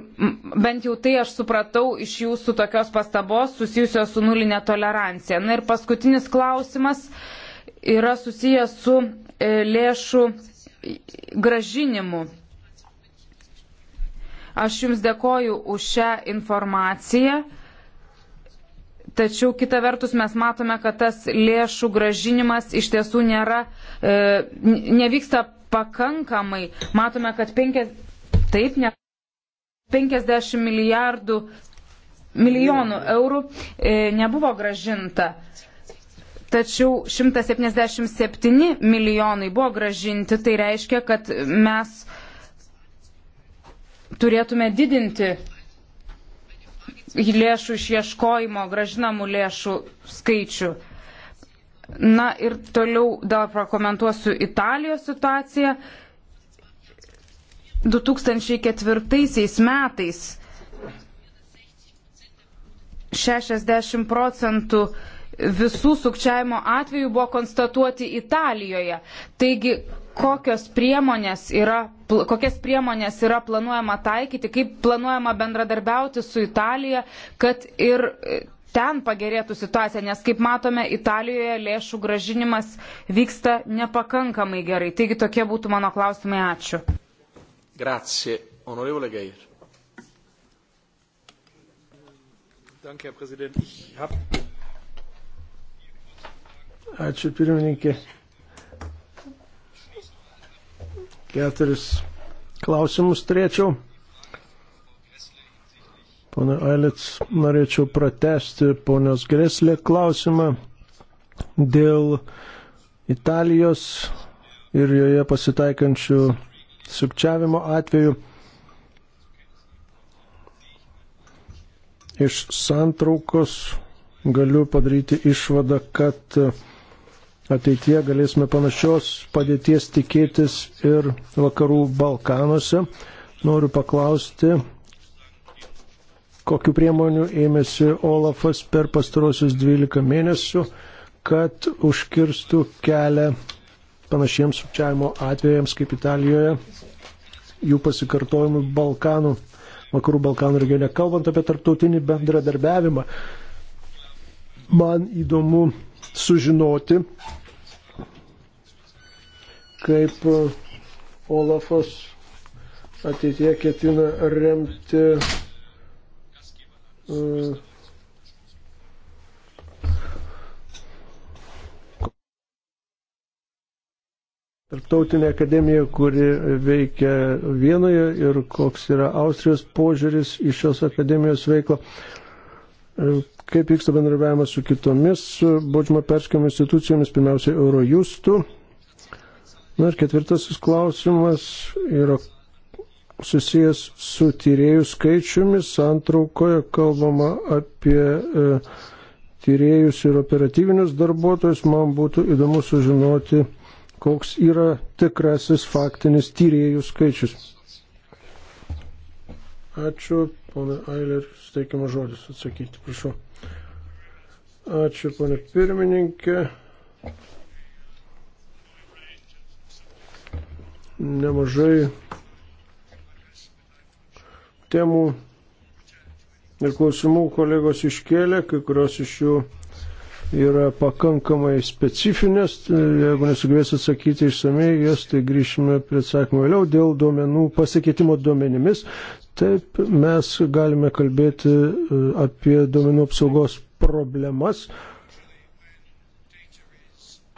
bent jau tai aš supratau iš jūsų tokios pastabos susijusios su nulinė tolerancija. Na ir paskutinis klausimas yra susijęs su e, lėšų gražinimu. Aš Jums dėkoju už šią informaciją. Tačiau kita vertus mes matome, kad tas lėšų gražinimas iš tiesų nėra, e, nevyksta pakankamai. Matome, kad 5, taip, ne, 50 milijardų milijonų eurų e, nebuvo gražinta. Tačiau 177 milijonai buvo gražinti, tai reiškia, kad mes turėtume didinti lėšų išieškojimo, gražinamų lėšų skaičių. Na ir toliau dar pakomentuosiu Italijos situaciją. 2004 metais 60 procentų visų sukčiavimo atvejų buvo konstatuoti Italijoje. Taigi, kokios priemonės yra, kokias priemonės yra planuojama taikyti, kaip planuojama bendradarbiauti su Italija, kad ir e, ten pagerėtų situacija, nes kaip matome, Italijoje lėšų gražinimas vyksta nepakankamai gerai. Taigi tokie būtų mano klausimai. Ačiū. Grazie. Honorevole Geir. Danke, Herr Präsident. Ich hab... Ačiū, pirmininkė. keturis klausimus turėčiau. Pone Ailits, norėčiau pratesti ponios Greslė klausimą dėl Italijos ir joje pasitaikančių sukčiavimo atvejų. Iš santraukos galiu padaryti išvadą, kad ateitie galėsime panašios padėties tikėtis ir vakarų Balkanuose. Noriu paklausti, kokiu priemoniu ėmėsi Olafas per pastarosius 12 mėnesių, kad užkirstų kelią panašiems sukčiavimo atvejams kaip Italijoje, jų pasikartojimui Balkanų, vakarų Balkanų regione. Kalbant apie tarptautinį bendradarbiavimą, man įdomu sužinoti, kaip Olafas ateitie ketina remti uh, Tarptautinė akademija, kuri veikia Vienoje ir koks yra Austrijos požiūris į šios akademijos veiklą. E, kaip vyksta bendravimas su kitomis e, baudžiamo perskimo institucijomis, pirmiausiai Eurojustų. Na ir ketvirtasis klausimas yra susijęs su tyriejų skaičiumi. Santraukoje kalbama apie e, tyriejus ir operatyvinius darbuotojus. Man būtų įdomu sužinoti, koks yra tikrasis faktinis tyriejų skaičius. Ačiū, ponai Ailer, steikiamas žodis atsakyti, prašau. Ačiū, ponė pirmininkė. Nemažai temų ir klausimų kolegos iškėlė, kai kurios iš jų yra pakankamai specifinės. Jeigu nesugebės atsakyti išsamei jas, tai grįšime prie atsakymų vėliau dėl duomenų pasikeitimo duomenimis. Taip mes galime kalbėti e, apie duomenų apsaugos problemas.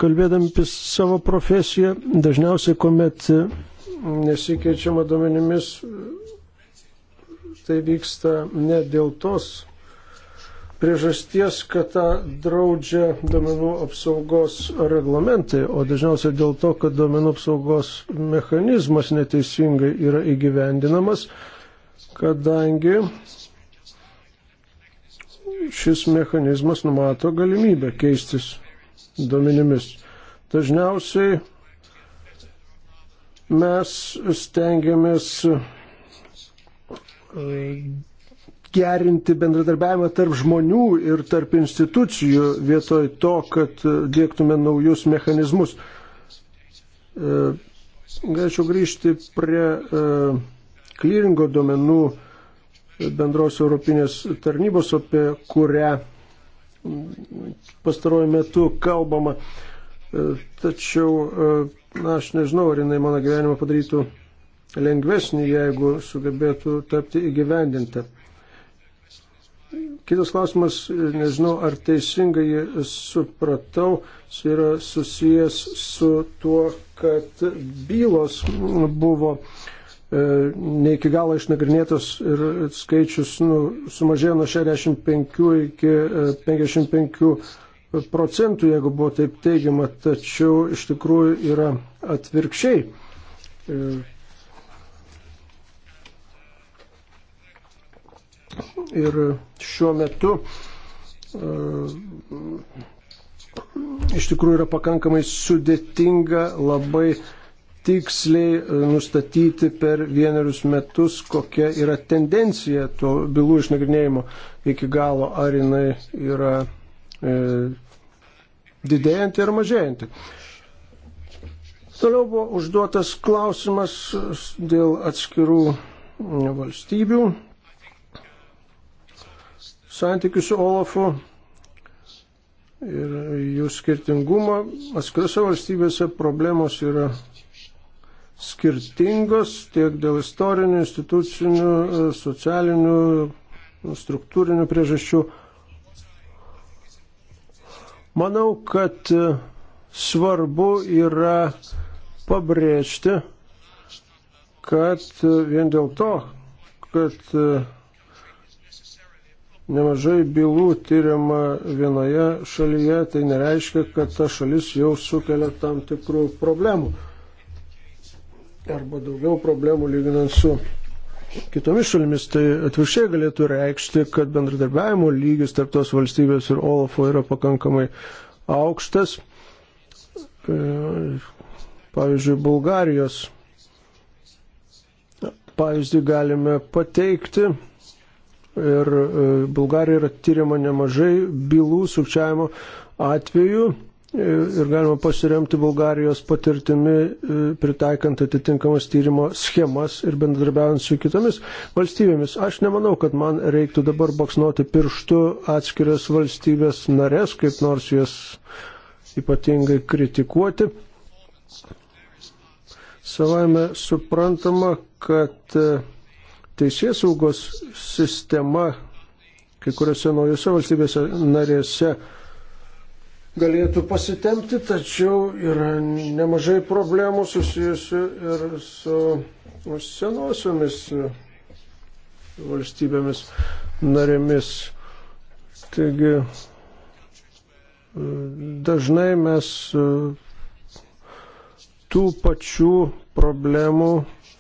Kalbėdami apie savo profesiją, dažniausiai, kuomet nesikeičiama duomenimis, tai vyksta ne dėl tos priežasties, kad tą draudžia duomenų apsaugos reglamentai, o dažniausiai dėl to, kad duomenų apsaugos mechanizmas neteisingai yra įgyvendinamas, kadangi šis mechanizmas numato galimybę keistis duomenimis. Dažniausiai mes stengiamės e, gerinti bendradarbiavimą tarp žmonių ir tarp institucijų vietoj to, kad e, dėktume naujus mechanizmus. E, galėčiau grįžti prie klyringo duomenų bendros europinės tarnybos, apie kurią pastaruoju metu kalbama. E, tačiau e, na, aš nežinau, ar jinai mano gyvenimą padarytų lengvesnį, jeigu sugebėtų tapti įgyvendinti. Kitas klausimas, nežinau, ar teisingai supratau, jis yra susijęs su tuo, kad bylos buvo uh, E, ne iki galo išnagrinėtas ir skaičius nu, sumažėjo nuo 65 iki 55 e, procentų, jeigu buvo taip teigiama, tačiau iš tikrųjų yra atvirkščiai. E, ir šiuo metu iš tikrųjų yra pakankamai sudėtinga labai uh, tiksliai e, nustatyti per vienerius metus, kokia yra tendencija to bylų išnagrinėjimo iki galo, ar jinai yra e, didėjanti ar mažėjanti. Toliau buvo užduotas klausimas dėl atskirų valstybių santykių su Olafu ir jų skirtingumą. Atskirose valstybėse problemos yra skirtingos tiek dėl istorinių, institucinių, e, socialinių, struktūrinių priežasčių. Manau, kad e, svarbu yra pabrėžti, kad e, vien dėl to, kad nemažai bylų tyriama vienoje šalyje, tai nereiškia, kad ta šalis jau sukelia tam tikrų problemų arba daugiau problemų lyginant su kitomis šalimis, tai atvirkščiai galėtų reikšti, kad bendradarbiavimo lygis tarp tos valstybės ir Olafo yra pakankamai aukštas. E, pavyzdžiui, Bulgarijos pavyzdį galime pateikti. Ir e, Bulgarija yra tyriama nemažai bylų sukčiavimo atveju ir galima pasiremti Bulgarijos patirtimi, e, pritaikant atitinkamas tyrimo schemas ir bendradarbiaujant su kitomis valstybėmis. Aš nemanau, kad man reiktų dabar baksnuoti pirštu atskiras valstybės narės, kaip nors jas ypatingai kritikuoti. Savaime suprantama, kad e, teisės saugos sistema kai kuriuose naujose valstybėse narėse galėtų pasitemti, tačiau yra nemažai problemų susijusių ir su senosiomis valstybėmis narėmis. Taigi dažnai mes tų pačių problemų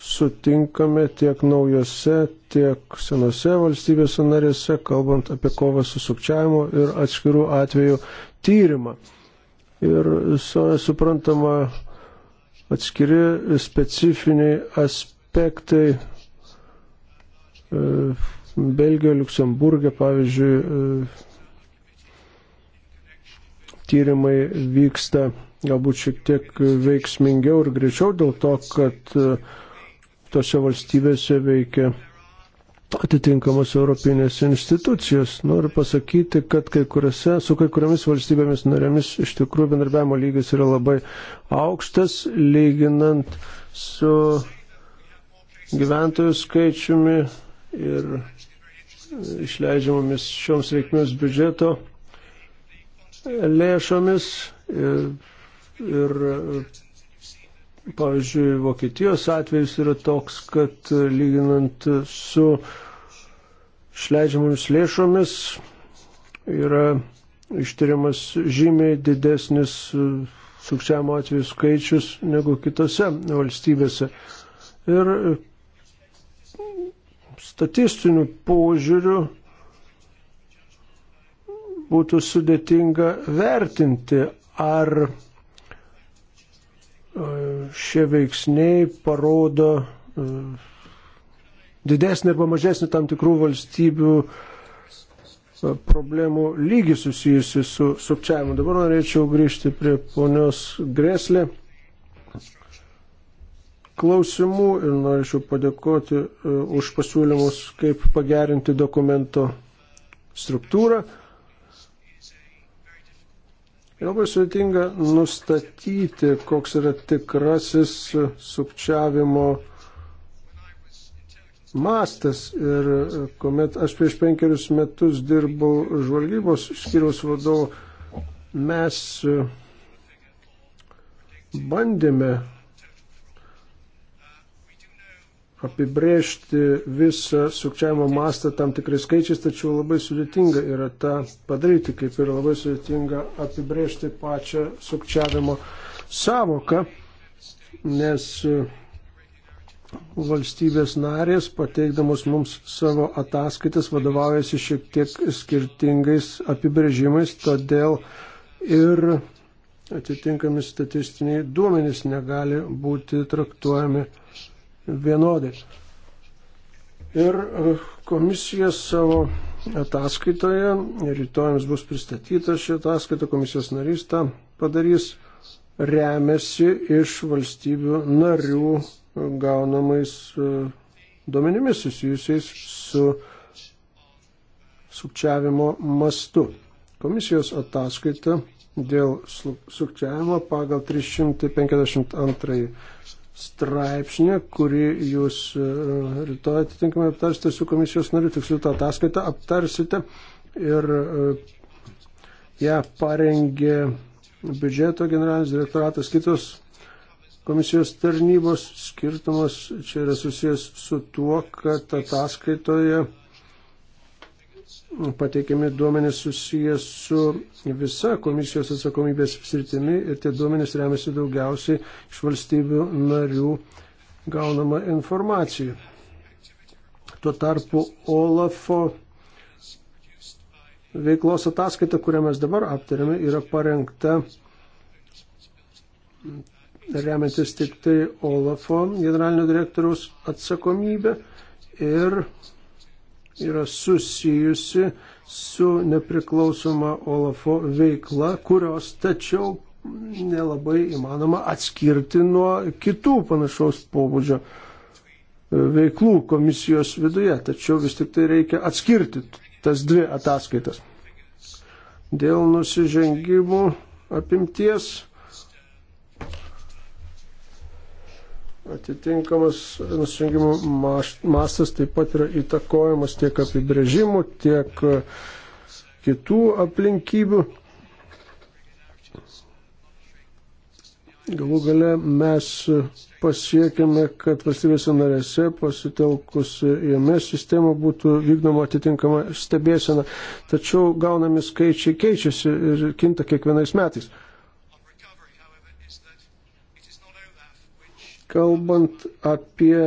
sutinkame tiek naujose, tiek senose valstybėse narėse, kalbant apie kovą su sukčiavimu ir atskirų atvejų tyrimą. Ir suprantama, atskiri specifiniai aspektai e, Belgijoje, Luksemburgė, pavyzdžiui, e, tyrimai vyksta galbūt šiek tiek veiksmingiau ir greičiau dėl to, kad e, tose valstybėse veikia atitinkamas europinės institucijos. Noriu pasakyti, kad kai kuriuose, su kai kuriomis valstybėmis narėmis iš tikrųjų bendarbiavimo lygis yra labai aukštas, lyginant su gyventojų skaičiumi ir išleidžiamomis šioms reikmėms biudžeto lėšomis ir, ir Pavyzdžiui, Vokietijos atvejus yra toks, kad lyginant su išleidžiamomis lėšomis yra ištiriamas žymiai didesnis sukčiavimo atvejų skaičius negu kitose valstybėse. Ir statistiniu požiūriu būtų sudėtinga vertinti, ar šie veiksniai parodo e, didesnį arba mažesnį tam tikrų valstybių e, problemų lygį susijusi su sukčiavimu. Dabar norėčiau grįžti prie ponios Greslė klausimų ir norėčiau padėkoti e, už pasiūlymus, kaip pagerinti dokumento struktūrą. Labai sudėtinga nustatyti, koks yra tikrasis sukčiavimo mastas. Ir kuomet aš prieš penkerius metus dirbau žvalgybos skyriaus vadovu, mes bandėme apibrėžti visą sukčiavimo mastą tam tikrai skaičiais, tačiau labai sudėtinga yra tą padaryti, kaip ir labai sudėtinga apibrėžti pačią sukčiavimo savoką, nes e, valstybės narės, pateikdamos mums savo ataskaitas, vadovaujasi šiek tiek skirtingais apibrėžimais, todėl ir atitinkami statistiniai duomenys negali būti traktuojami vienodai. Ir komisija savo ataskaitoje, rytojams bus pristatyta ši ataskaita, komisijos narys tą padarys, remiasi iš valstybių narių gaunamais e, duomenimis susijusiais su sukčiavimo mastu. Komisijos ataskaita dėl sukčiavimo pagal 352 straipsnį, kurį jūs e, rytoj atitinkamai aptarsite su komisijos nariu, tiksliau tą ataskaitą aptarsite ir e, ją parengė biudžeto generalinis direktoratas, kitos komisijos tarnybos skirtumas čia yra susijęs su tuo, kad ataskaitoje pateikiami duomenys susijęs su visa komisijos atsakomybės sritimi ir tie duomenys remiasi daugiausiai iš valstybių narių gaunama informacija. Tuo tarpu Olafo veiklos ataskaita, kurią mes dabar aptarėme, yra parengta remiantis tik tai Olafo generalinio direktoriaus atsakomybę ir yra susijusi su nepriklausoma Olafo veikla, kurios tačiau nelabai įmanoma atskirti nuo kitų panašaus pobūdžio e, veiklų komisijos viduje. Tačiau vis tik tai reikia atskirti tas dvi ataskaitas. Dėl nusižengimų apimties Atitinkamas nusižengimų mastas taip pat yra įtakojamas tiek apibrėžimų, tiek e, kitų aplinkybių. Galų gale mes pasiekėme, kad valstybėse narėse pasitelkus jomis e sistema būtų vykdoma atitinkama stebėsena, tačiau gaunami skaičiai keičiasi ir kinta kiekvienais metais. Kalbant apie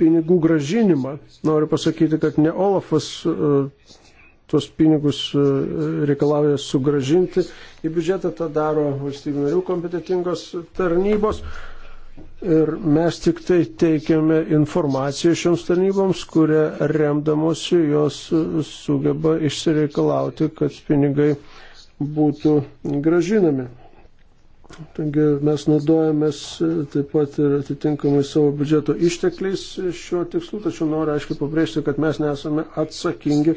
pinigų gražinimą, noriu pasakyti, kad ne Olafas e, tuos pinigus e, reikalauja sugražinti į biudžetą, tą daro valstybių narių kompetitingos tarnybos. Ir mes tik tai teikiame informaciją šioms tarnyboms, kurie remdamosi jos e, sugeba išsireikalauti, kad pinigai būtų gražinami. Taigi mes naudojamės e, taip pat ir atitinkamai savo biudžeto ištekliais e, šiuo tikslu, tačiau noriu aiškiai pabrėžti, kad mes nesame atsakingi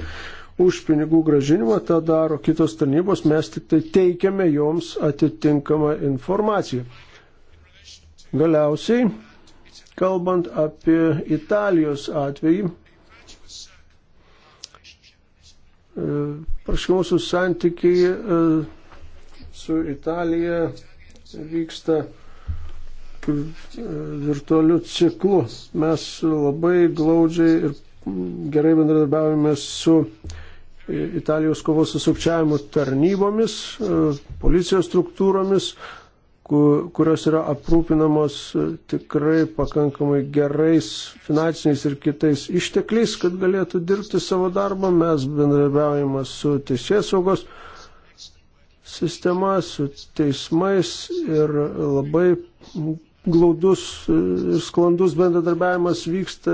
už pinigų gražinimą, tą daro kitos tarnybos, mes tik tai teikiame joms atitinkamą informaciją. Galiausiai, kalbant apie Italijos atvejį, e, prašau mūsų santykiai su Italija vyksta virtualiu ciklu. Mes labai glaudžiai ir gerai bendradarbiavime su Italijos kovos su sukčiavimu tarnybomis, policijos struktūromis, kurios yra aprūpinamos tikrai pakankamai gerais finansiniais ir kitais ištekliais, kad galėtų dirbti savo darbą. Mes bendradarbiavame su teisės saugos sistema, su teismais ir labai glaudus ir sklandus bendradarbiavimas vyksta.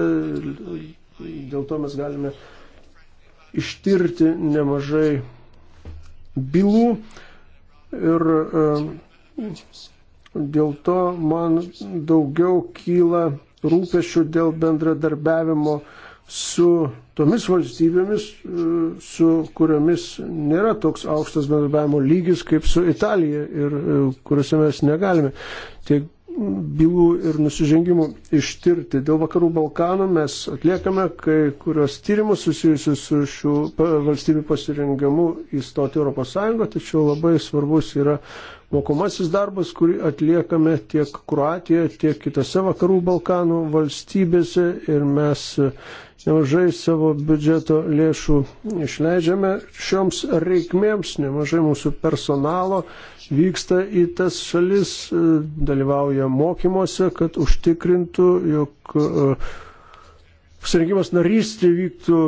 Dėl to mes galime ištirti nemažai bylų ir e, dėl to man daugiau kyla rūpešių dėl bendradarbiavimo uh, su tomis valstybėmis, e, su kuriomis nėra toks aukštas bendradarbiavimo lygis kaip su Italija ir e, kuriuose mes negalime tiek bylų ir nusižengimų ištirti. Dėl vakarų Balkanų mes atliekame kai kurios tyrimus susijusius su šių valstybių pasirengimu įstoti Europos Sąjungą, tačiau labai svarbus yra mokomasis darbas, kurį atliekame tiek Kroatijoje, tiek kitose vakarų Balkanų valstybėse ir mes nemažai savo biudžeto lėšų išleidžiame šioms reikmėms, nemažai mūsų personalo vyksta į tas šalis, e, dalyvauja mokymuose, kad užtikrintų, jog e, pasirinkimas narystė vyktų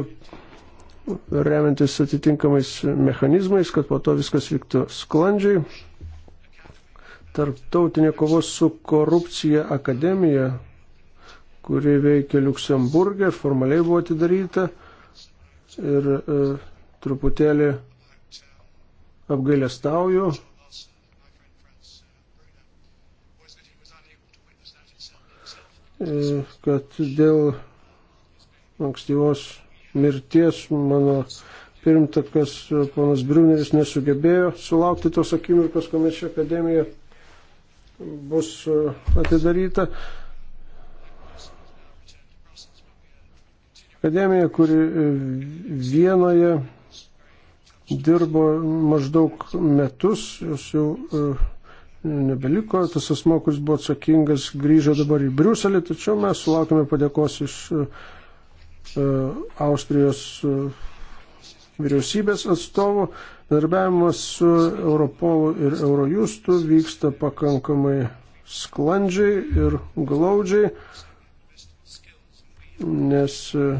remiantis atitinkamais mechanizmais, kad po to viskas vyktų sklandžiai. Tarptautinė kovos su korupcija akademija kuri veikia Luksemburgė, formaliai buvo atidaryta ir e, truputėlį apgailestauju. E, kad dėl ankstyvos mirties mano pirmtakas e, ponas Briuneris nesugebėjo sulaukti tos akimirkos, kuomet ši akademija bus e, atidaryta. E, Akademija, kuri e, Vienoje dirbo maždaug metus, jos jau e, nebeliko, tas asmo, kuris buvo atsakingas, grįžo dabar į Briuselį, tačiau mes sulaukime padėkos iš e, Austrijos vyriausybės atstovų. Darbiavimas su Europolu ir Eurojustu vyksta pakankamai sklandžiai ir glaudžiai nes e,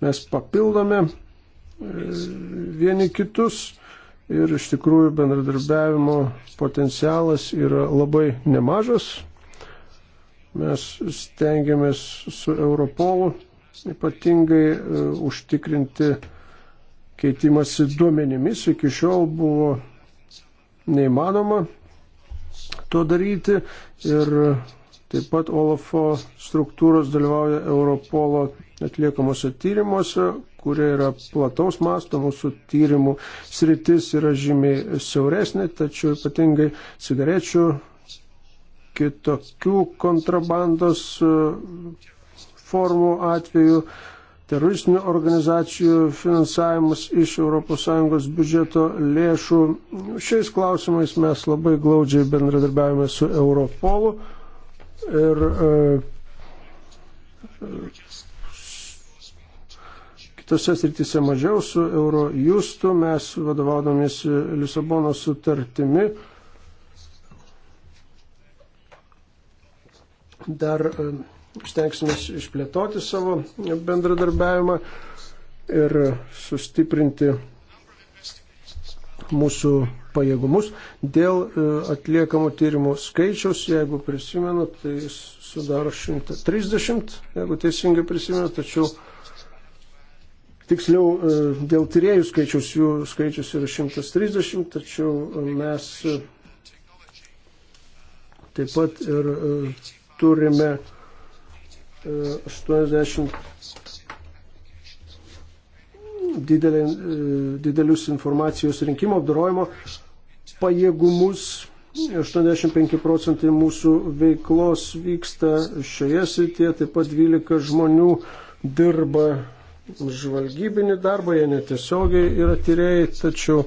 mes papildome e, vieni kitus ir iš tikrųjų bendradarbiavimo potencialas yra labai nemažas. Mes stengiamės su Europolu ypatingai e, užtikrinti keitimasi duomenimis. Iki šiol buvo neįmanoma to daryti ir Taip pat Olafo struktūros dalyvauja Europolo atliekamuose tyrimuose, kurie yra plataus masto, mūsų tyrimų sritis yra žymiai siauresnė, tačiau ypatingai cigarečių kitokių kontrabandos e, formų atveju, teroristinių organizacijų finansavimas iš ES biudžeto lėšų. Šiais klausimais mes labai glaudžiai bendradarbiavame su Europolu. Ir e, kitose srityse mažiau su Eurojustu mes vadovaudomis Lisabono sutartimi. Dar e, stengsimės išplėtoti savo bendradarbiavimą ir sustiprinti mūsų pajėgumus. Dėl e, atliekamų tyrimų skaičiaus, jeigu prisimenu, tai jis sudaro 130, jeigu teisingai prisimenu, tačiau tiksliau e, dėl tyriejų skaičiaus, jų skaičius yra 130, tačiau mes taip pat ir e, turime 83 didelė, e, didelius informacijos rinkimo apdarojimo pajėgumus. 85 procentai mūsų veiklos vyksta šioje srityje, taip pat 12 žmonių dirba žvalgybinį darbą, jie netiesiogiai yra tyrėjai, tačiau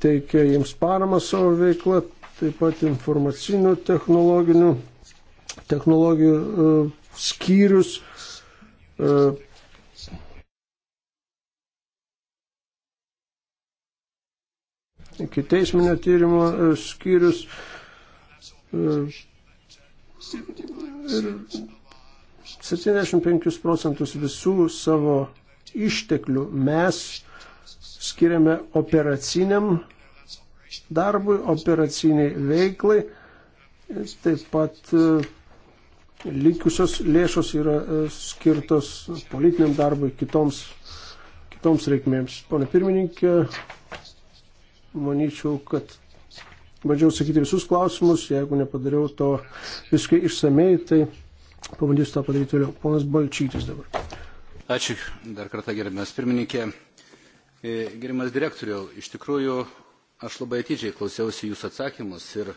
teikia jiems paramą savo veiklą, taip pat informacinių technologinių technologijų e, skyrius e, kiteisminio tyrimo e, skyrius. E, ir 75 procentus visų savo išteklių mes skiriame operaciniam darbui, operaciniai veiklai. Taip pat e, likusios lėšos yra skirtos politiniam darbui, kitoms, kitoms reikmėms. Pone pirmininkė, manyčiau, kad bandžiau sakyti visus klausimus, jeigu nepadariau to viskai išsamei, tai pabandysiu tą padaryti vėliau. Ponas Balčytis dabar. Ačiū dar kartą gerbiamas pirmininkė. E, Gerimas direktoriau, iš tikrųjų aš labai atidžiai klausiausi jūsų atsakymus ir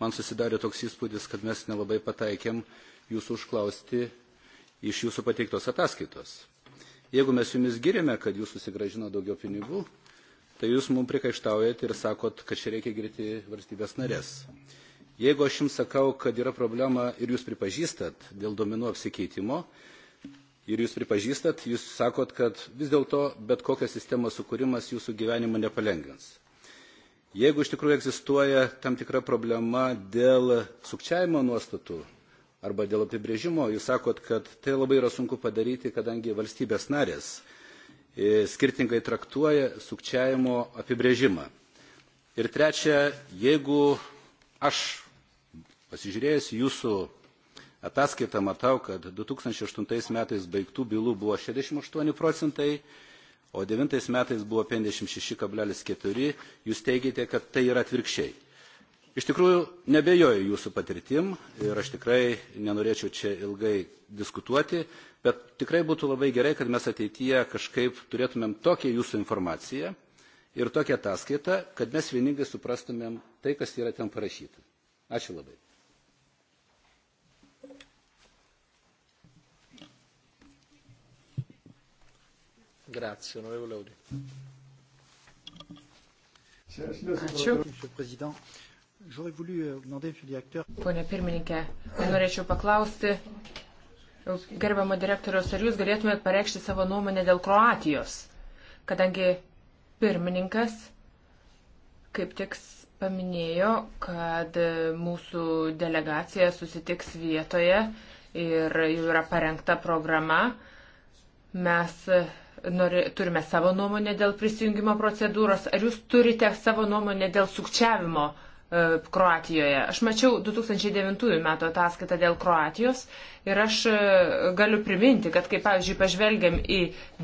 man susidarė toks įspūdis, kad mes nelabai pataikėm jūsų užklausti iš jūsų pateiktos ataskaitos. Jeigu mes jumis girėme, kad jūs susigražino daugiau pinigų, tai jūs mums prikaištaujat ir sakot, kad čia reikia girti valstybės narės. Jeigu aš jums sakau, kad yra problema ir jūs pripažįstat dėl duomenų apsikeitimo, ir jūs pripažįstat, jūs sakot, kad vis dėlto bet kokios sistemos sukūrimas jūsų gyvenimo nepalengvins. Jeigu iš tikrųjų egzistuoja tam tikra problema dėl sukčiavimo nuostatų arba dėl apibrėžimo, jūs sakot, kad tai labai yra sunku padaryti, kadangi valstybės narės E, skirtingai traktuoja sukčiavimo apibrėžimą. Ir trečia, jeigu aš pasižiūrėjęs jūsų ataskaitą matau, kad 2008 metais baigtų bylų buvo 68 procentai, o 9 metais buvo 56,4, jūs teigiate, kad tai yra atvirkščiai. Iš tikrųjų, nebejoju jūsų patirtim ir aš tikrai nenorėčiau čia ilgai diskutuoti, bet tikrai būtų labai gerai, kad mes ateityje kažkaip turėtumėm tokią jūsų informaciją ir tokią ataskaitą, kad mes vieningai suprastumėm tai, kas yra ten parašyta. Ačiū labai. Grazie, onorevole Audi. Ačiū, prezident. Euh, Pone pirmininkė, norėčiau paklausti, gerbiamo direktoriaus, ar jūs galėtumėt pareikšti savo nuomonę dėl Kroatijos, kadangi pirmininkas kaip tik paminėjo, kad mūsų delegacija susitiks vietoje ir jau yra parengta programa. Mes e, nori, turime savo nuomonę dėl prisijungimo procedūros. Ar jūs turite savo nuomonę dėl sukčiavimo? E, Kroatijoje. Aš mačiau 2009 metų ataskaitą dėl Kroatijos ir aš e, galiu priminti, kad kai, pavyzdžiui, pažvelgiam į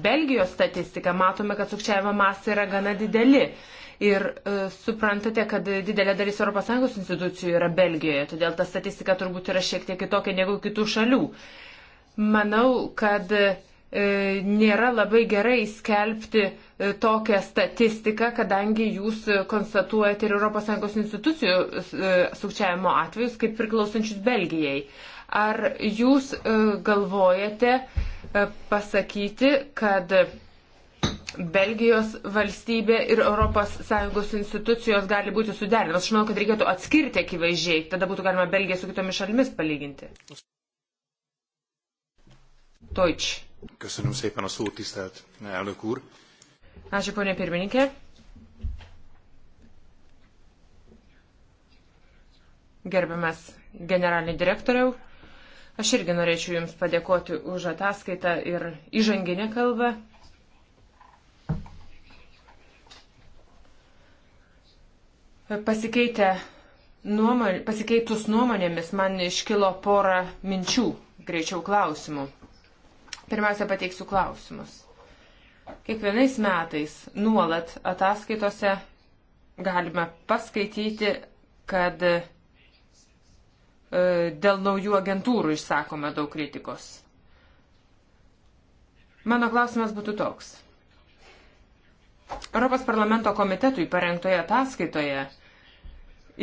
Belgijos statistiką, matome, kad sukčiavimo masai yra gana dideli. Ir e, suprantate, kad didelė dalis ES institucijų yra Belgijoje, todėl ta statistika turbūt yra šiek tiek kitokia negu kitų šalių. Manau, kad e, E, nėra labai gerai skelbti e, tokią statistiką, kadangi jūs konstatuojate ir ES institucijų e, sukčiavimo atvejus kaip priklausančius Belgijai. Ar jūs galvojate pasakyti, kad Belgijos valstybė ir ES institucijos gali būti suderinamas. Aš manau, kad reikėtų atskirti akivaizdžiai, tada būtų galima Belgiją su kitomis šalimis palyginti. Deutsch. Köszönöm szépen a szót, tisztelt elnök úr. Ačiū, ponė pirmininkė. Gerbiamas generalinį direktoriau, aš irgi norėčiau Jums padėkoti už ataskaitą ir įžanginę kalbą. Pasikeitę nuomonė, pasikeitus nuomonėmis man iškilo pora minčių, greičiau klausimų. Pirmiausia, pateiksiu klausimus. Kiekvienais metais nuolat ataskaitose galime paskaityti, kad e, dėl naujų agentūrų išsakoma daug kritikos. Mano klausimas būtų toks. Europos parlamento komitetui parengtoje ataskaitoje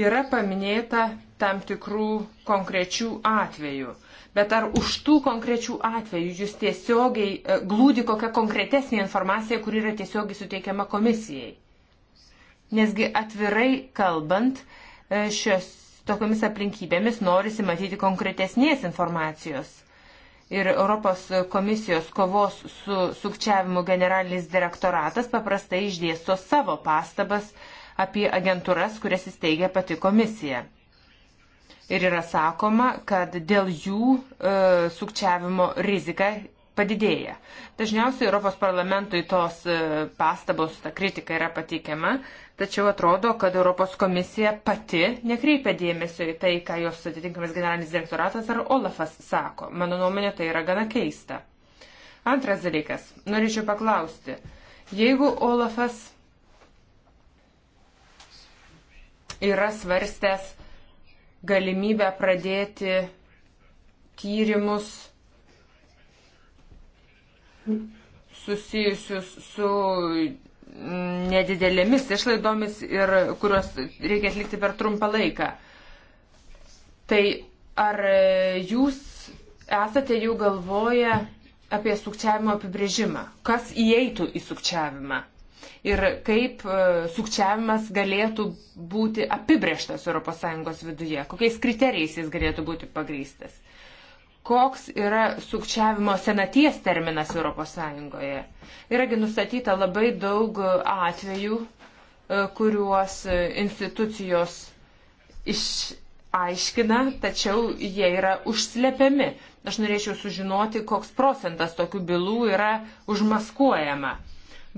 yra paminėta tam tikrų konkrečių atvejų bet ar už tų konkrečių atvejų jūs tiesiogiai e, glūdi kokia konkretesnė informacija, kuri yra tiesiogiai suteikiama komisijai? Nesgi atvirai kalbant, e, šios tokiamis aplinkybėmis norisi matyti konkretesnės informacijos. Ir Europos komisijos kovos su sukčiavimu generalinis direktoratas paprastai išdėsto savo pastabas apie agentūras, kurias įsteigia pati komisija ir yra sakoma, kad dėl jų e, sukčiavimo rizika padidėja. Dažniausiai Europos parlamentui tos e, pastabos, ta kritika yra pateikiama, tačiau atrodo, kad Europos komisija pati nekreipia dėmesio į tai, ką jos atitinkamas generalinis direktoratas ar Olafas sako. Mano nuomonė tai yra gana keista. Antras dalykas. Norėčiau paklausti. Jeigu Olafas yra svarstęs galimybę pradėti tyrimus susijusius su nedidelėmis išlaidomis ir kuriuos reikia atlikti per trumpą laiką. Tai ar jūs esate jau galvoję apie sukčiavimo apibrėžimą? Kas įeitų į sukčiavimą? ir kaip e, sukčiavimas galėtų būti apibrieštas ES viduje, kokiais kriterijais jis galėtų būti pagrystas. Koks yra sukčiavimo senaties terminas ES? Yragi nustatyta labai daug atvejų, e, kuriuos e, institucijos išaiškina, tačiau jie yra užslepiami. Aš norėčiau sužinoti, koks procentas tokių bylų yra užmaskuojama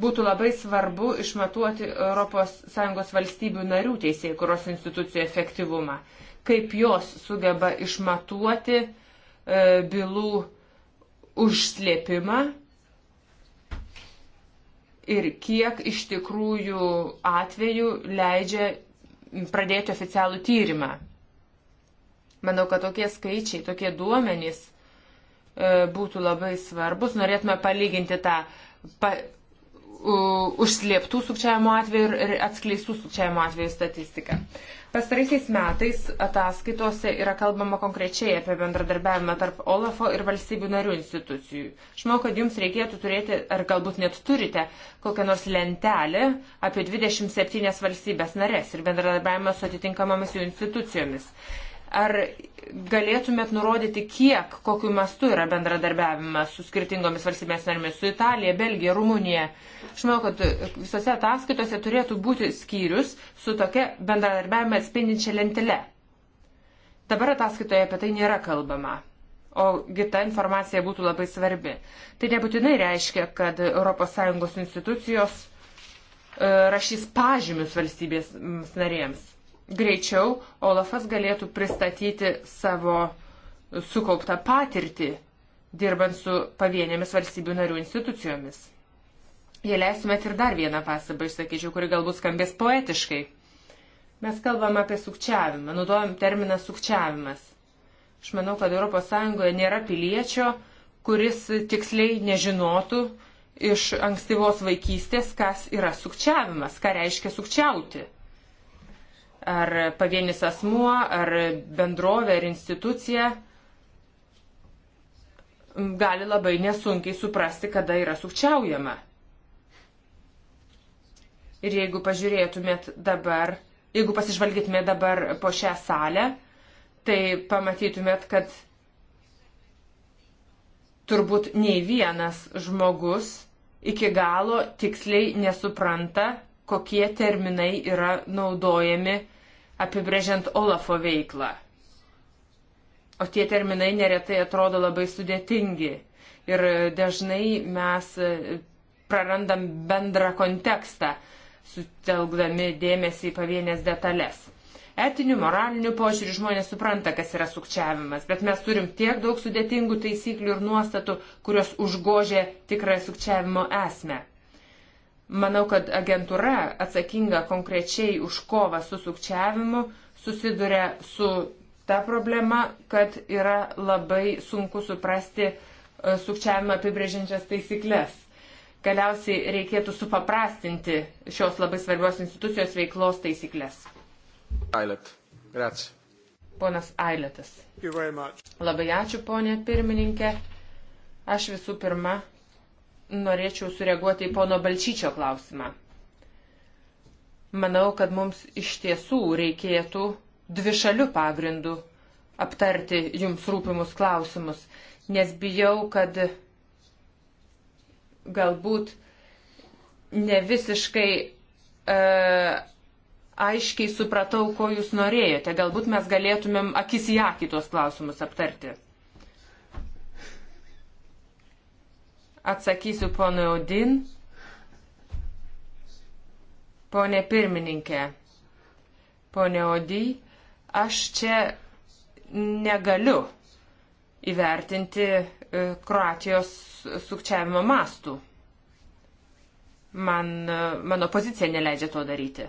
būtų labai svarbu išmatuoti ES valstybių narių teisėjų kuros institucijų efektyvumą, kaip jos sugeba išmatuoti e, bylų užslėpimą ir kiek iš tikrųjų atvejų leidžia pradėti oficialų tyrimą. Manau, kad tokie skaičiai, tokie duomenys e, būtų labai svarbus. Norėtume palyginti tą pa, užslėptų sukčiavimo atvejų ir atskleistų sukčiavimo atvejų statistiką. Pastaraisiais metais ataskaitose yra kalbama konkrečiai apie bendradarbiavimą tarp OLAFO ir valstybių narių institucijų. Aš manau, kad jums reikėtų turėti, ar galbūt net turite, kokią nors lentelę apie 27 valstybės narės ir bendradarbiavimą su atitinkamomis jų institucijomis ar galėtumėt nurodyti, kiek, kokiu mastu yra bendradarbiavimas su skirtingomis valstybės narėmis, su Italija, Belgija, Rumunija? Aš manau, kad visose ataskaitose turėtų būti skyrius su tokia bendradarbiavime atspindinčia lentele. Dabar ataskaitoje apie tai nėra kalbama. Ogi ta informacija būtų labai svarbi. Tai nebūtinai reiškia, kad ES institucijos e, rašys pažymius valstybės narėms greičiau Olafas galėtų pristatyti savo sukauptą patirtį, dirbant su pavienėmis valstybių narių institucijomis. Jei leistumėt ir dar vieną pastabą išsakyčiau, kuri galbūt skambės poetiškai. Mes kalbam apie sukčiavimą, naudojam terminą sukčiavimas. Aš manau, kad ES nėra piliečio, kuris tiksliai nežinotų iš ankstyvos vaikystės, kas yra sukčiavimas, ką reiškia sukčiauti ar pavienis asmuo, ar bendrovė, ar institucija gali labai nesunkiai suprasti, kada yra sukčiaujama. Ir jeigu pažiūrėtumėt dabar, jeigu pasižvalgytumėt dabar po šią salę, tai pamatytumėt, kad turbūt nei vienas žmogus iki galo tiksliai nesupranta, kokie terminai yra naudojami apibrėžiant Olafo veiklą. O tie terminai neretai atrodo labai sudėtingi ir dažnai mes e, prarandam bendrą kontekstą, sutelkdami dėmesį į pavienės detalės. Etiniu, moraliniu požiūriu žmonės supranta, kas yra sukčiavimas, bet mes turim tiek daug sudėtingų taisyklių ir nuostatų, kurios užgožia tikrą sukčiavimo esmę. Manau, kad agentūra atsakinga konkrečiai už kovą su sukčiavimu susiduria su ta problema, kad yra labai sunku suprasti e, sukčiavimą apibrėžiančias taisyklės. Galiausiai reikėtų supaprastinti šios labai svarbios institucijos veiklos taisyklės. Ailet. Grazie. Ponas Ailetas. Labai ačiū, ponė pirmininkė. Aš visų pirma norėčiau sureaguoti į pono Balčyčio klausimą. Manau, kad mums iš tiesų reikėtų dvišalių pagrindų aptarti jums rūpimus klausimus, nes bijau, kad galbūt ne visiškai e, aiškiai supratau, ko jūs norėjote. Galbūt mes galėtumėm akis į akį tuos klausimus aptarti. Atsakysiu ponui Audin. Pone pirmininkė, pone Odį, aš čia negaliu įvertinti e, Kroatijos sukčiavimo mastų. Man, e, mano pozicija neleidžia to daryti.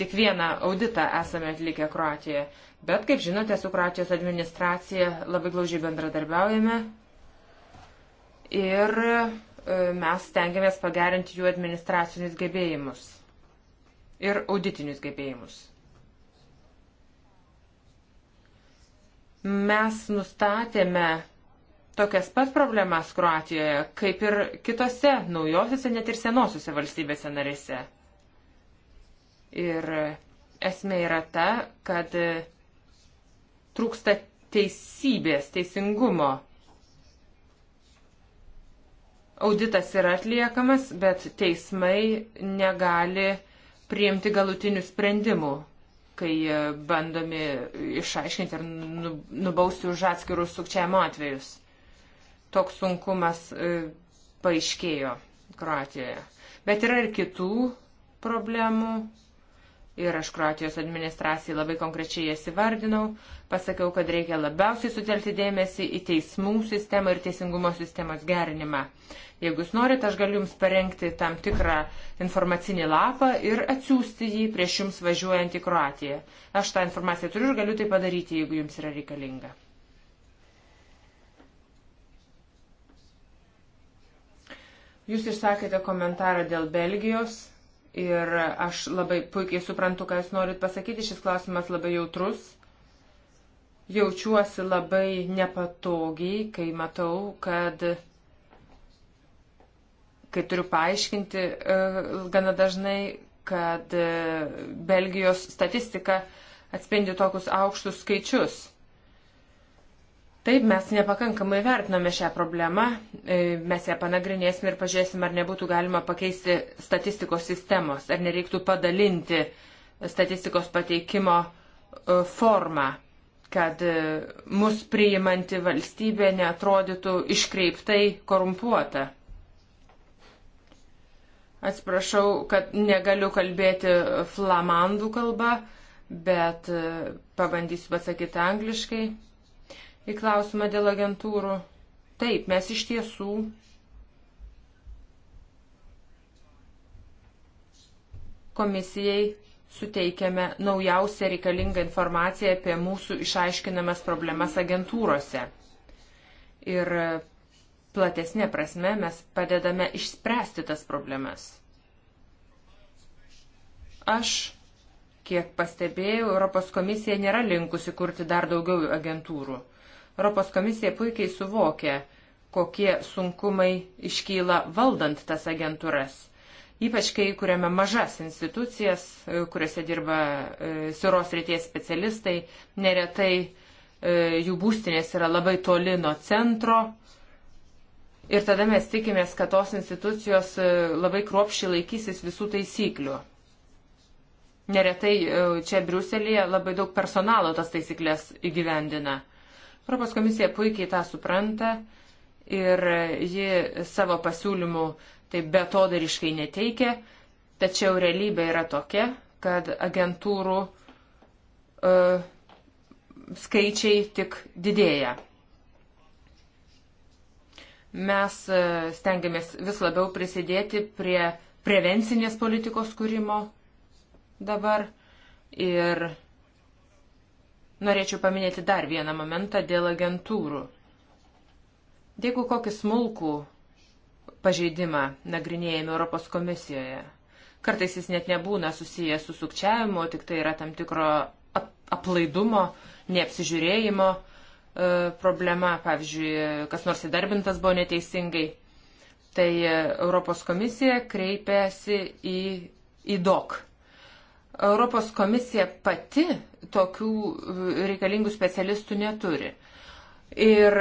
Tik vieną auditą esame atlikę Kroatijoje. Bet, kaip žinote, su Kroatijos administracija labai glaužiai bendradarbiaujame ir e, mes stengiamės pagerinti jų administracinius gebėjimus ir auditinius gebėjimus. Mes nustatėme tokias pat problemas Kroatijoje, kaip ir kitose naujosiuose, net ir senosiuose valstybėse narėse. Ir esmė yra ta, kad trūksta teisybės, teisingumo Auditas yra atliekamas, bet teismai negali priimti galutinių sprendimų, kai e, bandomi išaiškinti ir nu, nubausti už atskirus sukčiavimo atvejus. Toks sunkumas e, paaiškėjo Kroatijoje. Bet yra ir kitų problemų, ir aš Kroatijos administracijai labai konkrečiai jas įvardinau, pasakiau, kad reikia labiausiai sutelkti dėmesį į teismų sistemą ir teisingumo sistemos gerinimą. Jeigu jūs norite, aš galiu jums parengti tam tikrą informacinį lapą ir atsiųsti jį prieš jums važiuojant į Kroatiją. Aš tą informaciją turiu ir galiu tai padaryti, jeigu jums yra reikalinga. Jūs išsakėte komentarą dėl Belgijos Ir aš labai puikiai suprantu, ką jūs norit pasakyti. Šis klausimas labai jautrus. Jaučiuosi labai nepatogiai, kai matau, kad kai turiu paaiškinti e, gana dažnai, kad e, Belgijos statistika atspindi tokius aukštus skaičius. Taip, mes nepakankamai vertiname šią problemą, e, mes ją panagrinėsime ir pažiūrėsime, ar nebūtų galima pakeisti statistikos sistemos, ar nereiktų padalinti statistikos pateikimo e, formą, kad e, mus priimanti valstybė neatrodytų iškreiptai korumpuota. Atsiprašau, kad negaliu kalbėti flamandų kalbą, bet pabandysiu pasakyti angliškai į klausimą dėl agentūrų. Taip, mes iš tiesų komisijai suteikiame naujausią reikalingą informaciją apie mūsų išaiškinamas problemas agentūrose. Ir platesnė prasme mes padedame išspręsti tas problemas. Aš, kiek pastebėjau, Europos komisija nėra linkusi kurti dar daugiau agentūrų. Europos komisija puikiai suvokia, kokie sunkumai iškyla valdant tas agentūras. Ypač kai kuriame mažas institucijas, e, kuriuose dirba e, siuros ryties specialistai, neretai e, jų būstinės yra labai toli nuo centro. Ir tada mes tikimės, kad tos institucijos labai kruopšiai laikysis visų taisyklių. Neretai čia Briuselėje labai daug personalo tas taisyklės įgyvendina. Europos komisija puikiai tą supranta ir ji savo pasiūlymų taip betodariškai neteikia, tačiau realybė yra tokia, kad agentūrų uh, skaičiai tik didėja. Mes uh, stengiamės vis labiau prisidėti prie prevencinės politikos kūrimo dabar ir uh, Norėčiau paminėti dar vieną momentą dėl agentūrų. Jeigu kokį smulkų pažeidimą nagrinėjame Europos komisijoje, kartais jis net nebūna susijęs su sukčiavimu, tik tai yra tam tikro aplaidumo, neapsižiūrėjimo e, problema, pavyzdžiui, kas nors įdarbintas buvo neteisingai, tai e, Europos komisija kreipėsi į, į DOC Europos komisija pati tokių e, reikalingų specialistų neturi. Ir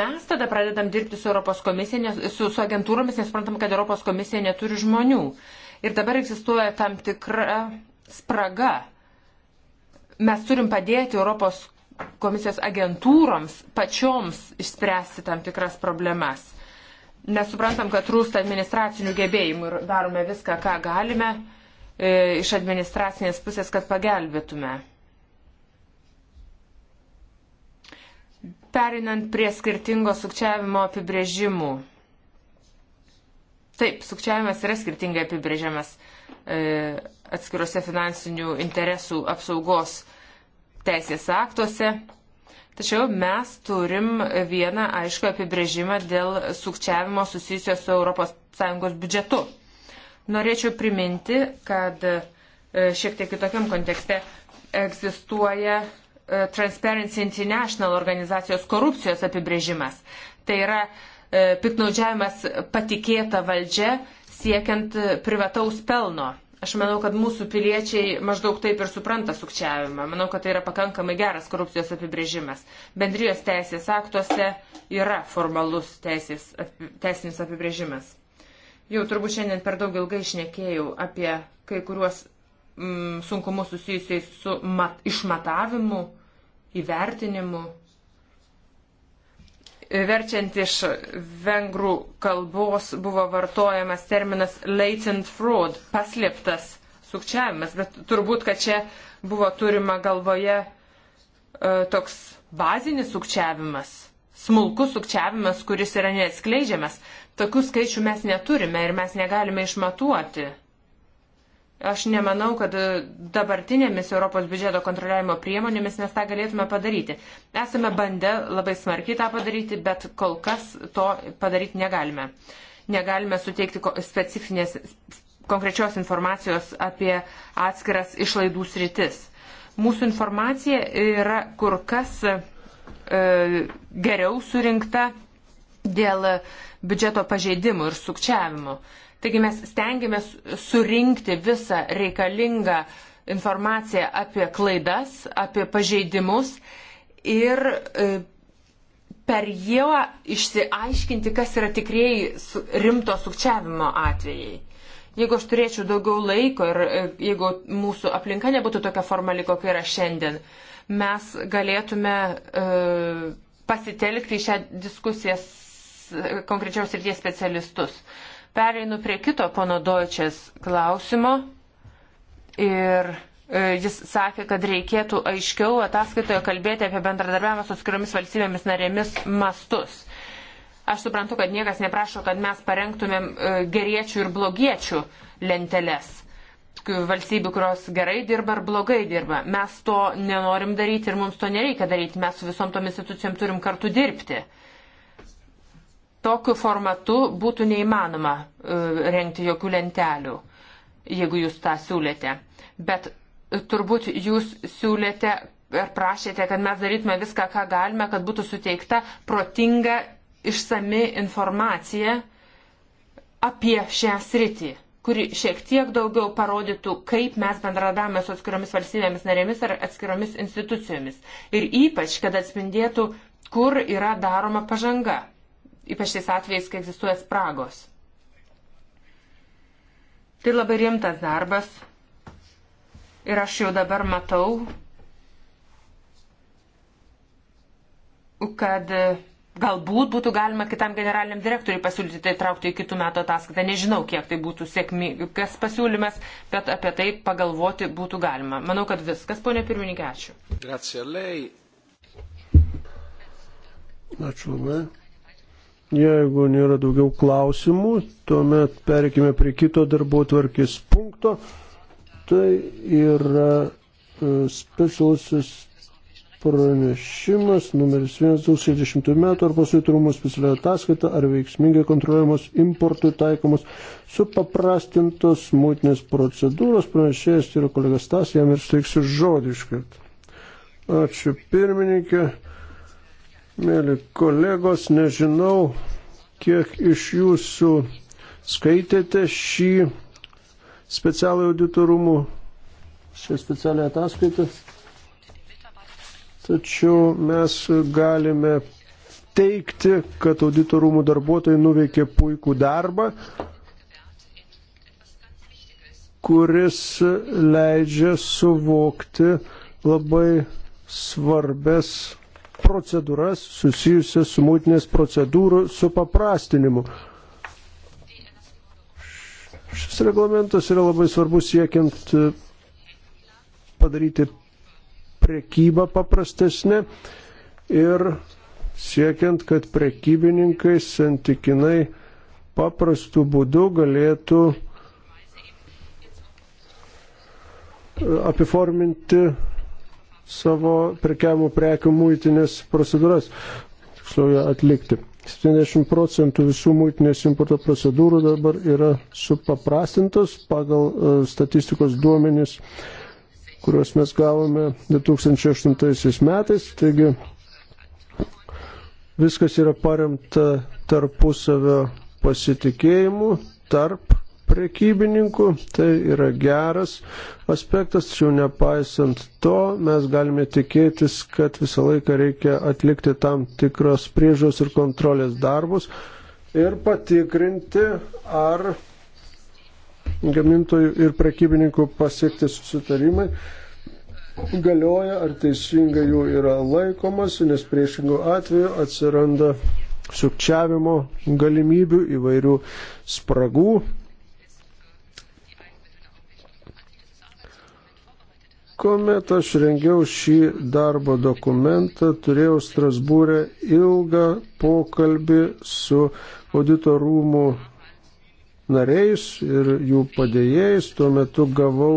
mes tada pradedam dirbti su Europos komisija, nes, su, su agentūromis, nes suprantam, kad Europos komisija neturi žmonių. Ir dabar egzistuoja tam tikra spraga. Mes turim padėti Europos komisijos agentūroms pačioms išspręsti tam tikras problemas. Nes suprantam, kad trūsta administracinių gebėjimų ir darome viską, ką galime. Uh, e, iš administracinės pusės, kad pagelbėtume. Perinant prie skirtingo sukčiavimo apibrėžimų. Taip, sukčiavimas yra skirtingai apibrėžiamas e, atskiruose finansinių interesų apsaugos teisės aktuose. Tačiau mes turim vieną aišku apibrėžimą dėl sukčiavimo susijusio su ES biudžetu. Norėčiau priminti, kad e, šiek tiek kitokiam kontekste egzistuoja e, Transparency International organizacijos korupcijos apibrėžimas. Tai yra e, piknaudžiavimas patikėta valdžia siekiant privataus pelno. Aš manau, kad mūsų piliečiai maždaug taip ir supranta sukčiavimą. Manau, kad tai yra pakankamai geras korupcijos apibrėžimas. Bendrijos teisės aktuose yra formalus teisės, teisinis apibrėžimas. Jau turbūt šiandien per daug ilgai išnekėjau apie kai kuriuos mm, sunkumus susijusiais su mat, išmatavimu, įvertinimu. Verčiant iš vengrų kalbos buvo vartojamas terminas latent fraud, paslėptas sukčiavimas, bet turbūt, kad čia buvo turima galvoje e, toks bazinis sukčiavimas, smulkus sukčiavimas, kuris yra neatskleidžiamas. Tokių skaičių mes neturime ir mes negalime išmatuoti. Aš nemanau, kad dabartinėmis Europos biudžeto kontroliavimo priemonėmis mes tą galėtume padaryti. Esame bandę labai smarkiai tą padaryti, bet kol kas to padaryti negalime. Negalime suteikti specifinės konkrečios informacijos apie atskiras išlaidų sritis. Mūsų informacija yra kur kas e, geriau surinkta dėl biudžeto pažeidimų ir sukčiavimų. Taigi mes stengiamės surinkti visą reikalingą informaciją apie klaidas, apie pažeidimus ir e, per jo išsiaiškinti, kas yra tikrieji rimto sukčiavimo atvejai. Jeigu aš turėčiau daugiau laiko ir e, jeigu mūsų aplinka nebūtų tokia formali, kokia yra šiandien, mes galėtume e, pasitelkti šią diskusiją konkrečiaus ryties specialistus. Pereinu prie kito pono Dojčias klausimo ir e, jis sakė, kad reikėtų aiškiau ataskaitoje kalbėti apie bendradarbiavimą su skiriomis valstybėmis narėmis mastus. Aš suprantu, kad niekas neprašo, kad mes parengtumėm e, geriečių ir blogiečių lenteles valstybių, kurios gerai dirba ar blogai dirba. Mes to nenorim daryti ir mums to nereikia daryti. Mes su visom tom institucijom turim kartu dirbti. Uh, tokiu formatu būtų neįmanoma e, rengti jokių lentelių, jeigu jūs tą siūlėte. Bet e, turbūt jūs siūlėte ir prašėte, kad mes darytume viską, ką galime, kad būtų suteikta protinga, išsami informacija apie šią sritį kuri šiek tiek daugiau parodytų, kaip mes bendradavome su atskiromis valstybėmis narėmis ar atskiromis institucijomis. Ir ypač, kad atspindėtų, kur yra daroma pažanga ypač tais atvejais, kai egzistuoja spragos. Tai labai rimtas darbas ir aš jau dabar matau, kad galbūt būtų galima kitam generaliniam direktoriui pasiūlyti tai traukti į kitų metų ataskaitą. Nežinau, kiek tai būtų sėkmingas pasiūlymas, bet apie tai pagalvoti būtų galima. Manau, kad viskas, ponė pirmininkė, ačiū. Ačiū labai. Jeigu nėra daugiau klausimų, tuomet perikime prie kito darbo tvarkės punkto. Tai yra e, specialusis pranešimas numeris 1.60 metų ar pasitrumų specialią ataskaitą ar veiksmingai kontroliuojamos importui taikomos supaprastintos mūtinės procedūros. Pranešėjas yra kolegas Tas, jam ir steiksiu žodiškai. Ačiū pirmininkė. Mėly kolegos, nežinau, kiek iš jūsų skaitėte šį specialų auditorumų, šią specialią ataskaitą. Tačiau mes galime teikti, kad auditorumų darbuotojai nuveikė puikų darbą, kuris leidžia suvokti labai svarbes procedūras susijusias su mūtinės procedūrų supaprastinimu. Šis reglamentas yra labai svarbus siekiant e, padaryti prekybą paprastesnė ir siekiant, kad prekybininkai santykinai paprastų būdų galėtų e, apiforminti savo prekiamų prekių muitinės procedūras, tiksliau atlikti. 70 procentų visų muitinės importo procedūrų dabar yra supaprastintos pagal e, statistikos duomenys, kuriuos mes gavome 2008 metais. Taigi viskas yra paremta tarpusavio pasitikėjimu tarp prekybininkų. Tai yra geras aspektas, tačiau nepaisant to mes galime tikėtis, kad visą laiką reikia atlikti tam tikros priežos ir kontrolės darbus ir patikrinti, ar gamintojų ir prekybininkų pasiekti susitarimai galioja, ar teisingai jų yra laikomasi, nes priešingų atveju atsiranda sukčiavimo galimybių, įvairių spragų Kuomet aš rengiau šį darbo dokumentą, turėjau Strasbūrę ilgą pokalbį su auditorumų nariais ir jų padėjėjais. Tuo metu gavau,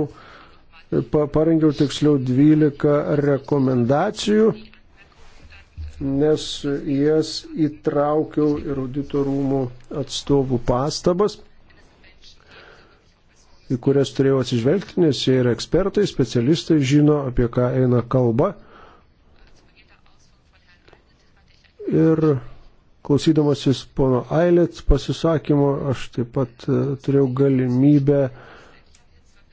parengiau tiksliau 12 rekomendacijų, nes jas įtraukiau ir auditorumų atstovų pastabas į kurias turėjau atsižvelgti, nes jie yra ekspertai, specialistai, žino, apie ką eina kalba. Ir klausydamasis pono Ailėts pasisakymo, aš taip pat e, turėjau galimybę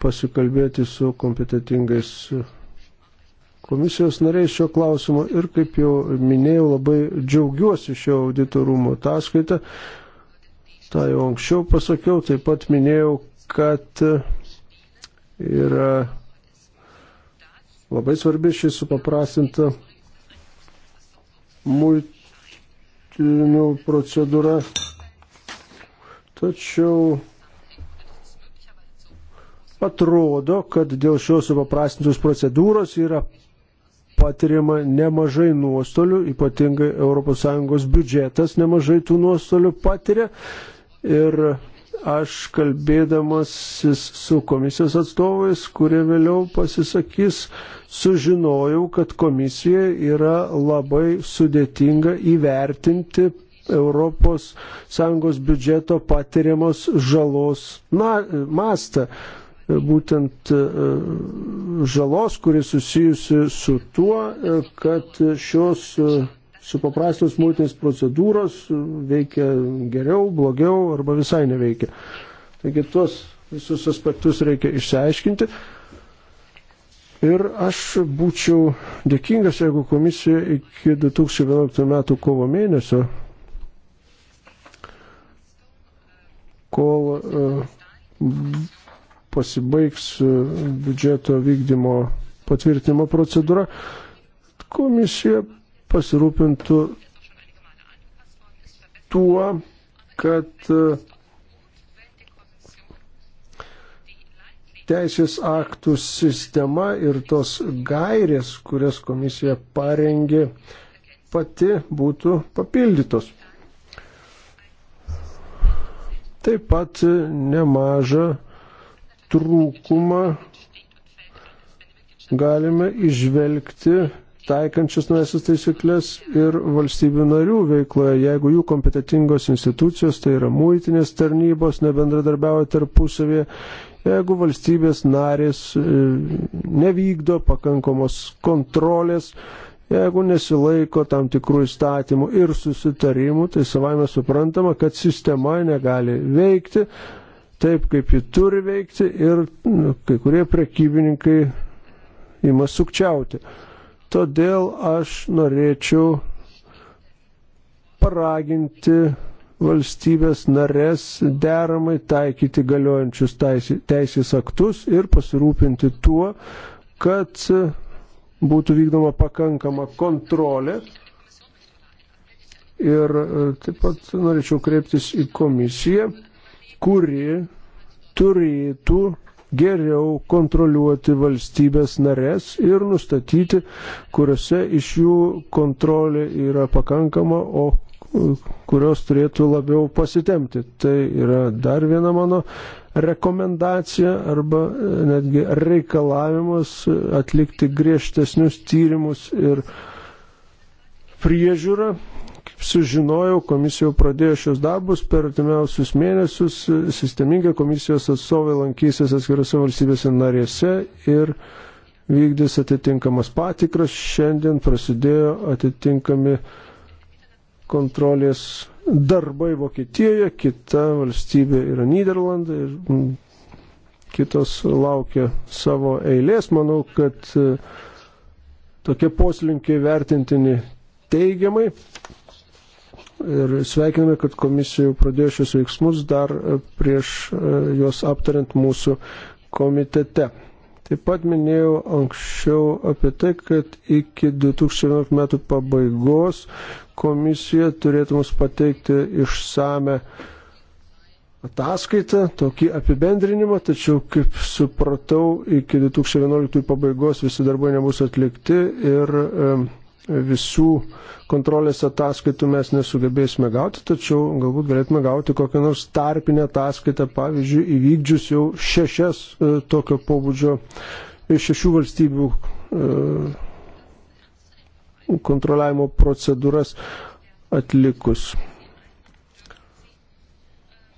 pasikalbėti su kompetitingais komisijos nariais šio klausimo ir, kaip jau minėjau, labai džiaugiuosi šio auditorumo ataskaitą. Ta jau anksčiau pasakiau, taip pat minėjau, kad yra labai svarbi šį supaprastintą muitinių procedūrą. Tačiau atrodo, kad dėl šios supaprastintos procedūros yra patiriama nemažai nuostolių, ypatingai ES biudžetas nemažai tų nuostolių patiria. Ir aš kalbėdamasis su komisijos atstovais, kurie vėliau pasisakys, sužinojau, kad komisija yra labai sudėtinga įvertinti ES biudžeto patiriamos žalos na, mastą. Būtent e, žalos, kuri susijusi su tuo, e, kad šios e, supaprastos muitinės procedūros veikia geriau, blogiau arba visai neveikia. Taigi tuos visus aspektus reikia išsiaiškinti. Ir aš būčiau dėkingas, jeigu komisija iki 2011 metų kovo mėnesio, kol uh, pasibaigs e, biudžeto vykdymo patvirtinimo procedūra, komisija pasirūpintų tuo, kad e, teisės aktų sistema ir tos gairės, kurias komisija parengė, pati būtų papildytos. Taip pat nemažą trūkumą galime išvelgti taikančius naujasis taisyklės ir valstybių narių veikloje, jeigu jų kompetitingos institucijos, tai yra muitinės tarnybos, nebendradarbiauja tarpusavėje, jeigu valstybės narės e, nevykdo pakankamos kontrolės, jeigu nesilaiko tam tikrų įstatymų ir susitarimų, tai savame suprantama, kad sistema negali veikti taip, kaip ji turi veikti ir nu, kai kurie prekybininkai ima sukčiauti. Todėl aš norėčiau paraginti valstybės narės deramai taikyti galiojančius teisės aktus ir pasirūpinti tuo, kad būtų vykdoma pakankama kontrolė. Ir e, taip pat norėčiau kreiptis į komisiją, kuri turėtų geriau kontroliuoti valstybės narės ir nustatyti, kuriuose iš jų kontrolė yra pakankama, o e, kurios turėtų labiau pasitemti. Tai yra dar viena mano rekomendacija arba e, netgi reikalavimas e, atlikti griežtesnius tyrimus ir priežiūrą sužinojau, komisija jau pradėjo šios darbus per artimiausius mėnesius, sistemingai komisijos atstovai lankysis atskirose valstybėse narėse ir vykdys atitinkamas patikras. Šiandien prasidėjo atitinkami kontrolės darbai Vokietijoje, kita valstybė yra Niderlandai ir mm, kitos laukia savo eilės. Manau, kad e, tokie poslinkiai vertintini teigiamai ir sveikiname, kad komisija jau pradėjo šios veiksmus dar e, prieš e, juos aptariant mūsų komitete. Taip pat minėjau anksčiau apie tai, kad iki 2011 metų pabaigos komisija turėtų mums pateikti išsame ataskaitą, tokį apibendrinimą, tačiau, kaip supratau, iki 2011 pabaigos visi darbai nebus atlikti ir e, visų kontrolės ataskaitų mes nesugebėsime gauti, tačiau galbūt galėtume gauti kokią nors tarpinę ataskaitą, pavyzdžiui, įvykdžius jau šešias e, tokio pobūdžio iš e, šešių valstybių e, kontroliavimo procedūras atlikus.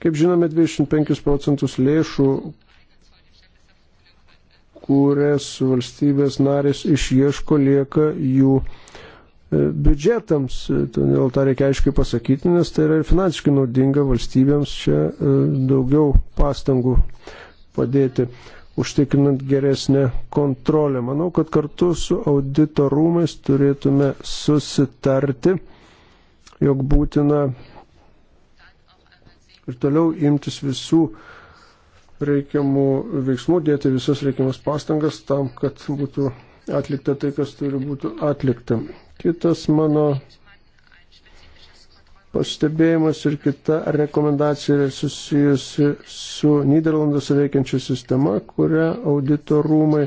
Kaip žinome, 25 procentus lėšų, kurias valstybės narės išieško lieka jų e, biudžetams. Todėl tą reikia aiškiai pasakyti, nes tai yra ir finansiškai naudinga valstybėms čia e, daugiau pastangų padėti, užtikrinant geresnę kontrolę. Manau, kad kartu su audito rūmais turėtume susitarti, jog būtina ir toliau imtis visų uh, reikiamų veiksmų, dėti visas reikiamas pastangas tam, kad būtų atlikta tai, kas turi būti atlikta. Kitas mano pastebėjimas ir kita rekomendacija yra susijusi su Niderlanduose veikiančia sistema, kurią auditorumai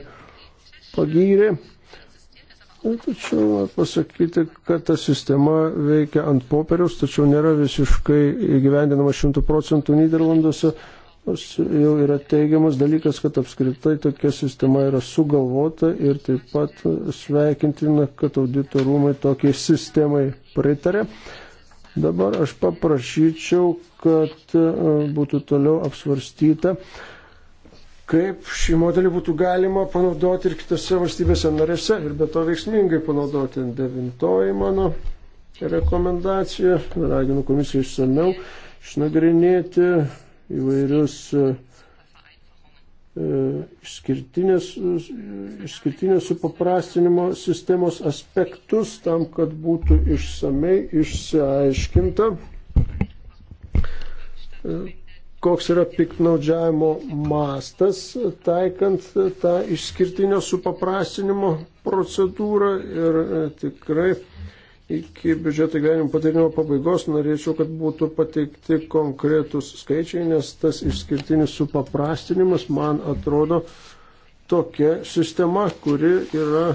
pagyrė. Tačiau pasakyti, kad ta sistema veikia ant popieriaus, tačiau nėra visiškai įgyvendinama 100 procentų Niderlanduose jau yra teigiamas dalykas, kad apskritai tokia sistema yra sugalvota ir taip pat sveikintina, kad auditorumai tokiai sistemai pritarė. Dabar aš paprašyčiau, kad e, būtų toliau apsvarstyta, kaip šį modelį būtų galima panaudoti ir kitose valstybėse narėse ir be to veiksmingai panaudoti. Devintoji mano rekomendacija, raginu komisiją išsameu išnagrinėti įvairius e, e, išskirtinės, išskirtinės supaprastinimo sistemos aspektus tam, kad būtų išsamei išsiaiškinta, e, koks yra piknaudžiavimo mastas taikant tą išskirtinio supaprastinimo procedūrą ir tikrai iki biudžeto gyvenimo padarimo pabaigos norėčiau, kad būtų pateikti konkretus skaičiai, nes tas išskirtinis supaprastinimas, man atrodo, tokia sistema, kuri yra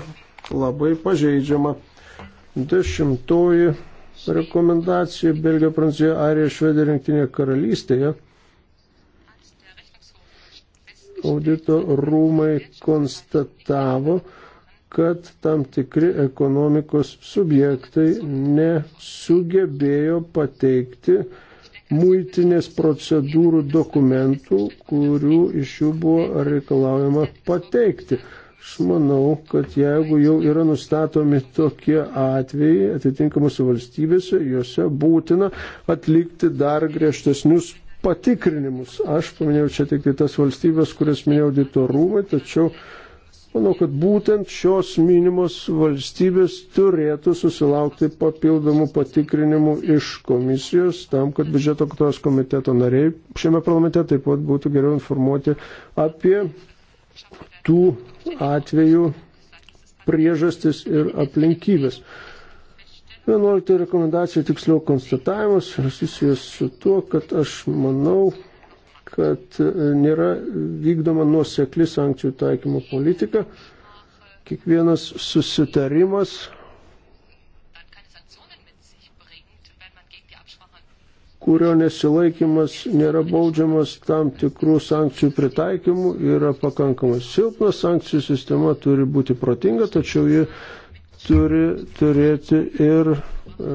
labai pažeidžiama. Dešimtoji rekomendacija Belgija, Prancūzija, Airija, Švedija, Rinktinė karalystėje. Audito rūmai konstatavo, kad tam tikri ekonomikos subjektai nesugebėjo pateikti muitinės procedūrų dokumentų, kurių iš jų buvo reikalaujama pateikti. Aš manau, kad jeigu jau yra nustatomi tokie atvejai atitinkamose valstybėse, juose būtina atlikti dar griežtesnius patikrinimus. Aš paminėjau čia tik tai tas valstybės, kurias minėjau auditorumai, tačiau uh, Manau, kad būtent šios minimos valstybės turėtų susilaukti papildomų patikrinimų iš komisijos tam, kad biudžeto kitos komiteto nariai šiame parlamente taip pat būtų geriau informuoti apie tų atvejų priežastis ir aplinkybės. 11 rekomendacija, tiksliau konstatavimas, susijęs su tuo, kad aš manau, kad e, nėra vykdoma nuosekli sankcijų taikymo politika. Kiekvienas susitarimas kurio nesilaikimas nėra baudžiamas tam tikrų sankcijų pritaikymu, yra pakankamai silpna. Sankcijų sistema turi būti protinga, tačiau ji turi turėti ir E,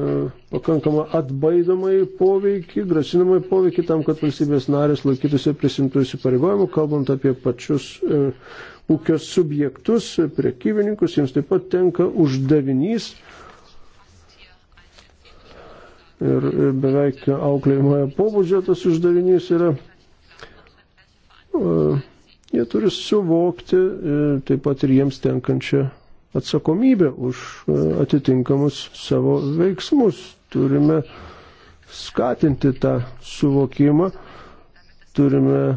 pakankamą atbaidomai poveikį, grasinamai poveikį tam, kad valstybės narės laikytųsi prisimtų įsipareigojimų, kalbant apie pačius e, ūkio subjektus, prekybininkus, jiems taip pat tenka uždavinys ir e, beveik auklėjimoje pobūdžio tas uždavinys yra. Jie turi suvokti taip pat ir jiems tenkančią atsakomybę už e, atitinkamus savo veiksmus. Turime skatinti tą suvokimą, turime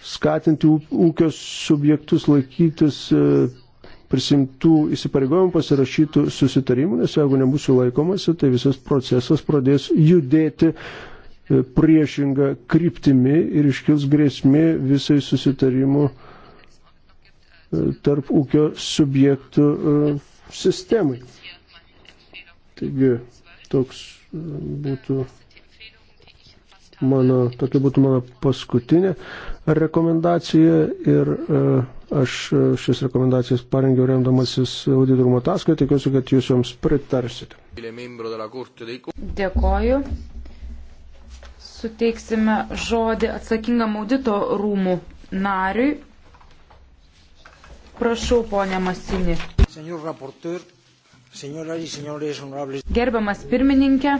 skatinti ūkio subjektus laikytis e, prisimtų įsipareigojimų pasirašytų susitarimų, nes jeigu nebus laikomasi, tai visas procesas pradės judėti e, priešingą kryptimį ir iškils grėsmė visai susitarimų tarp ūkio subjektų e, sistemai. Taigi, toks e, būtų mano, tokia būtų mano paskutinė rekomendacija ir e, aš šis rekomendacijas parengiau remdamasis auditorumo ataskaitą, tikiuosi, kad jūs joms pritarsite. Dėkoju. Suteiksime žodį atsakingam audito rūmų nariui, Prašau, ponė Masini. Gerbiamas pirmininkė,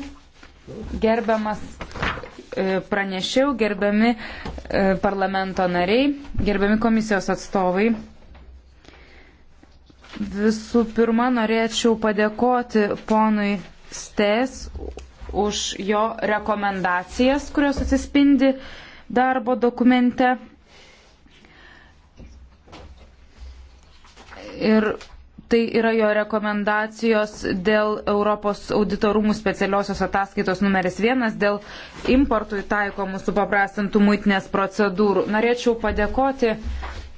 gerbiamas e, pranešiau, gerbiami e, parlamento nariai, gerbiami komisijos atstovai. Visų pirma, norėčiau padėkoti ponui Stes už jo rekomendacijas, kurios atsispindi darbo dokumente. ir tai yra jo rekomendacijos dėl Europos auditorumų specialiosios ataskaitos numeris vienas dėl importui taikomų supaprastintų muitinės procedūrų. Norėčiau padėkoti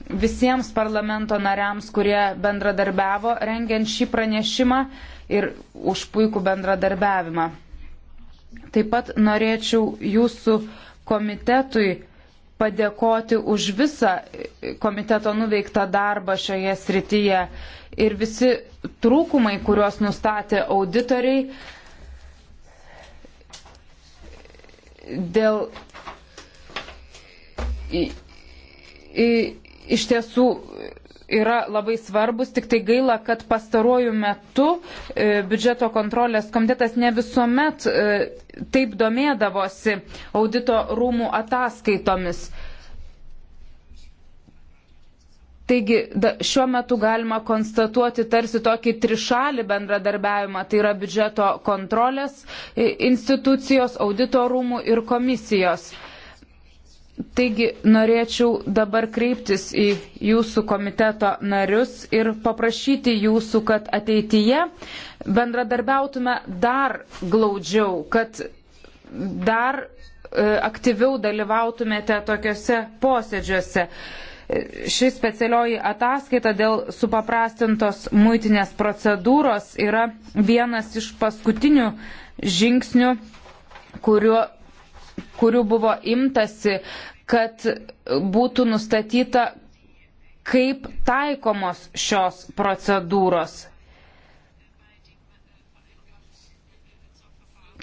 visiems parlamento nariams, kurie bendradarbiavo rengiant šį pranešimą ir už puikų bendradarbiavimą. Taip pat norėčiau jūsų komitetui padėkoti už visą komiteto nuveiktą darbą šioje srityje. Ir visi trūkumai, kuriuos nustatė auditoriai, dėl iš tiesų yra labai svarbus, tik tai gaila, kad pastaruoju metu e, biudžeto kontrolės komitetas ne visuomet e, taip domėdavosi audito rūmų ataskaitomis. Taigi da, šiuo metu galima konstatuoti tarsi tokį trišalį bendradarbiavimą, tai yra biudžeto kontrolės institucijos, auditorumų ir komisijos. Taigi norėčiau dabar kreiptis į jūsų komiteto narius ir paprašyti jūsų, kad ateityje bendradarbiautume dar glaudžiau, kad dar e, aktyviau dalyvautumėte tokiuose posėdžiuose. Ši specialioji ataskaita dėl supaprastintos muitinės procedūros yra vienas iš paskutinių žingsnių, kuriuo kurių buvo imtasi, kad būtų nustatyta, kaip taikomos šios procedūros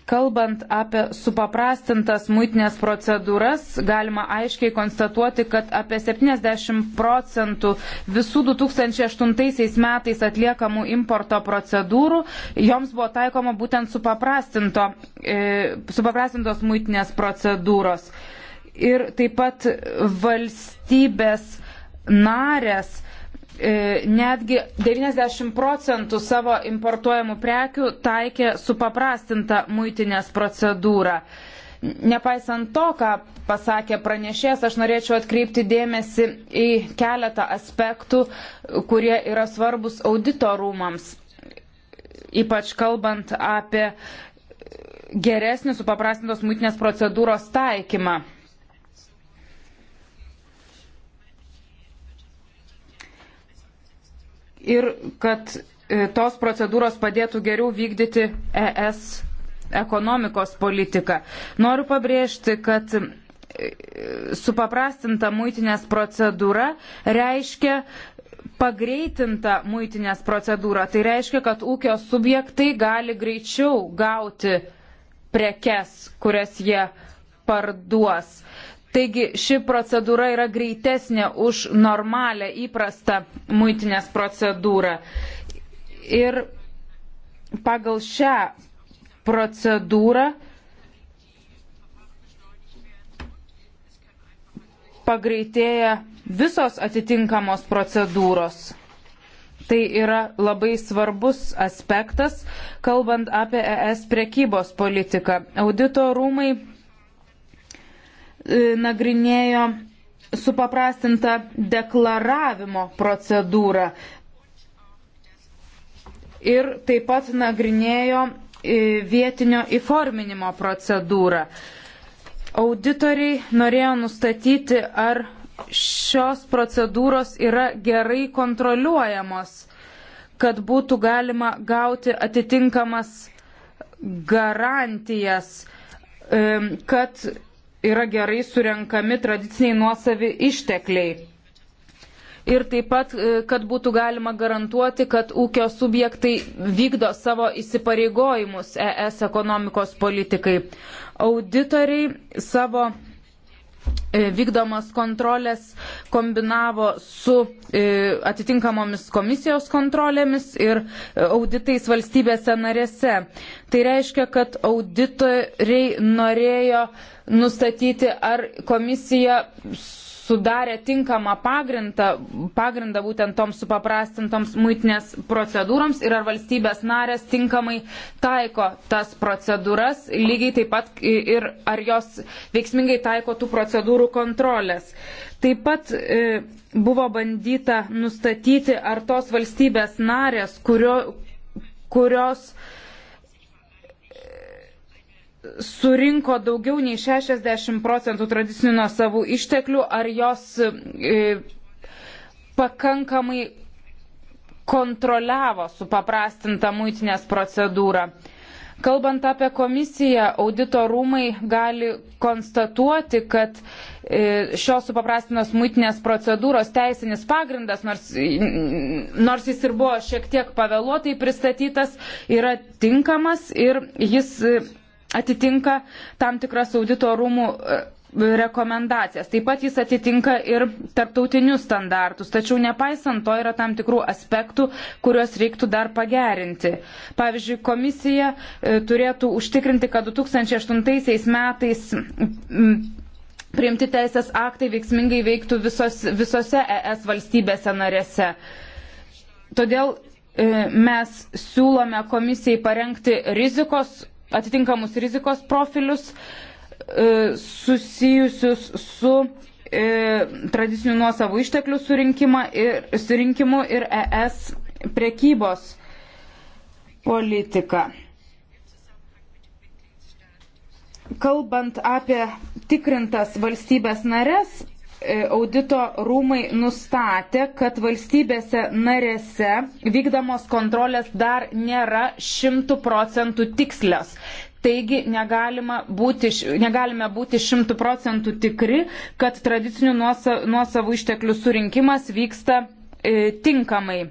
Kalbant apie supaprastintas muitinės procedūras, galima aiškiai konstatuoti, kad apie 70 procentų visų 2008 metais atliekamų importo procedūrų, joms buvo taikoma būtent supaprastinto, e, supaprastintos muitinės procedūros. Ir taip pat valstybės narės E, netgi 90 procentų savo importuojamų prekių taikė supaprastintą muitinės procedūrą. Nepaisant to, ką pasakė pranešės, aš norėčiau atkreipti dėmesį į keletą aspektų, kurie yra svarbus auditorumams, ypač kalbant apie geresnį supaprastintos muitinės procedūros taikymą. ir kad e, tos procedūros padėtų geriau vykdyti ES ekonomikos politiką. Noriu pabrėžti, kad e, supaprastinta muitinės procedūra reiškia pagreitinta muitinės procedūra. Tai reiškia, kad ūkio subjektai gali greičiau gauti prekes, kurias jie parduos. Taigi ši procedūra yra greitesnė už normalią įprastą muitinės procedūrą. Ir pagal šią procedūrą pagreitėja visos atitinkamos procedūros. Tai yra labai svarbus aspektas, kalbant apie ES prekybos politiką. Audito rūmai E, nagrinėjo supaprastintą deklaravimo procedūrą ir taip pat nagrinėjo e, vietinio įforminimo procedūrą. Auditoriai norėjo nustatyti, ar šios procedūros yra gerai kontroliuojamos, kad būtų galima gauti atitinkamas garantijas, e, kad yra gerai surenkami tradiciniai nuosavi ištekliai. Ir taip pat, e, kad būtų galima garantuoti, kad ūkio subjektai vykdo savo įsipareigojimus ES ekonomikos politikai. Auditoriai savo E, vykdomos kontrolės kombinavo su e, atitinkamomis komisijos kontrolėmis ir e, auditais valstybėse narėse. Tai reiškia, kad auditoriai norėjo nustatyti, ar komisija sudarė tinkamą pagrindą, pagrindą būtent toms supaprastintoms muitinės procedūroms ir ar valstybės narės tinkamai taiko tas procedūras, lygiai taip pat ir ar jos veiksmingai taiko tų procedūrų kontrolės. Taip pat e, buvo bandyta nustatyti, ar tos valstybės narės, kurio, kurios surinko daugiau nei 60 procentų tradicinių nuosavų išteklių, ar jos e, pakankamai kontroliavo supaprastintą muitinės procedūrą. Kalbant apie komisiją, audito rūmai gali konstatuoti, kad e, šios supaprastinos muitinės procedūros teisinis pagrindas, nors, nors jis ir buvo šiek tiek pavėluotai pristatytas, yra tinkamas ir jis atitinka tam tikras audito rūmų e, rekomendacijas. Taip pat jis atitinka ir tarptautinius standartus, tačiau nepaisant to yra tam tikrų aspektų, kuriuos reiktų dar pagerinti. Pavyzdžiui, komisija e, turėtų užtikrinti, kad 2008 metais priimti teisės aktai veiksmingai veiktų visos, visose ES valstybėse narėse. Todėl e, mes siūlome komisijai parengti rizikos atitinkamus rizikos profilius e, susijusius su e, tradicinių nuosavų išteklių ir, surinkimu ir ES prekybos politika. Kalbant apie tikrintas valstybės narės, E, audito rūmai nustatė, kad valstybėse narėse vykdomos kontrolės dar nėra šimtų procentų tikslios. Taigi būti, negalime būti šimtų procentų tikri, kad tradicinių nuosavų išteklių surinkimas vyksta e, tinkamai.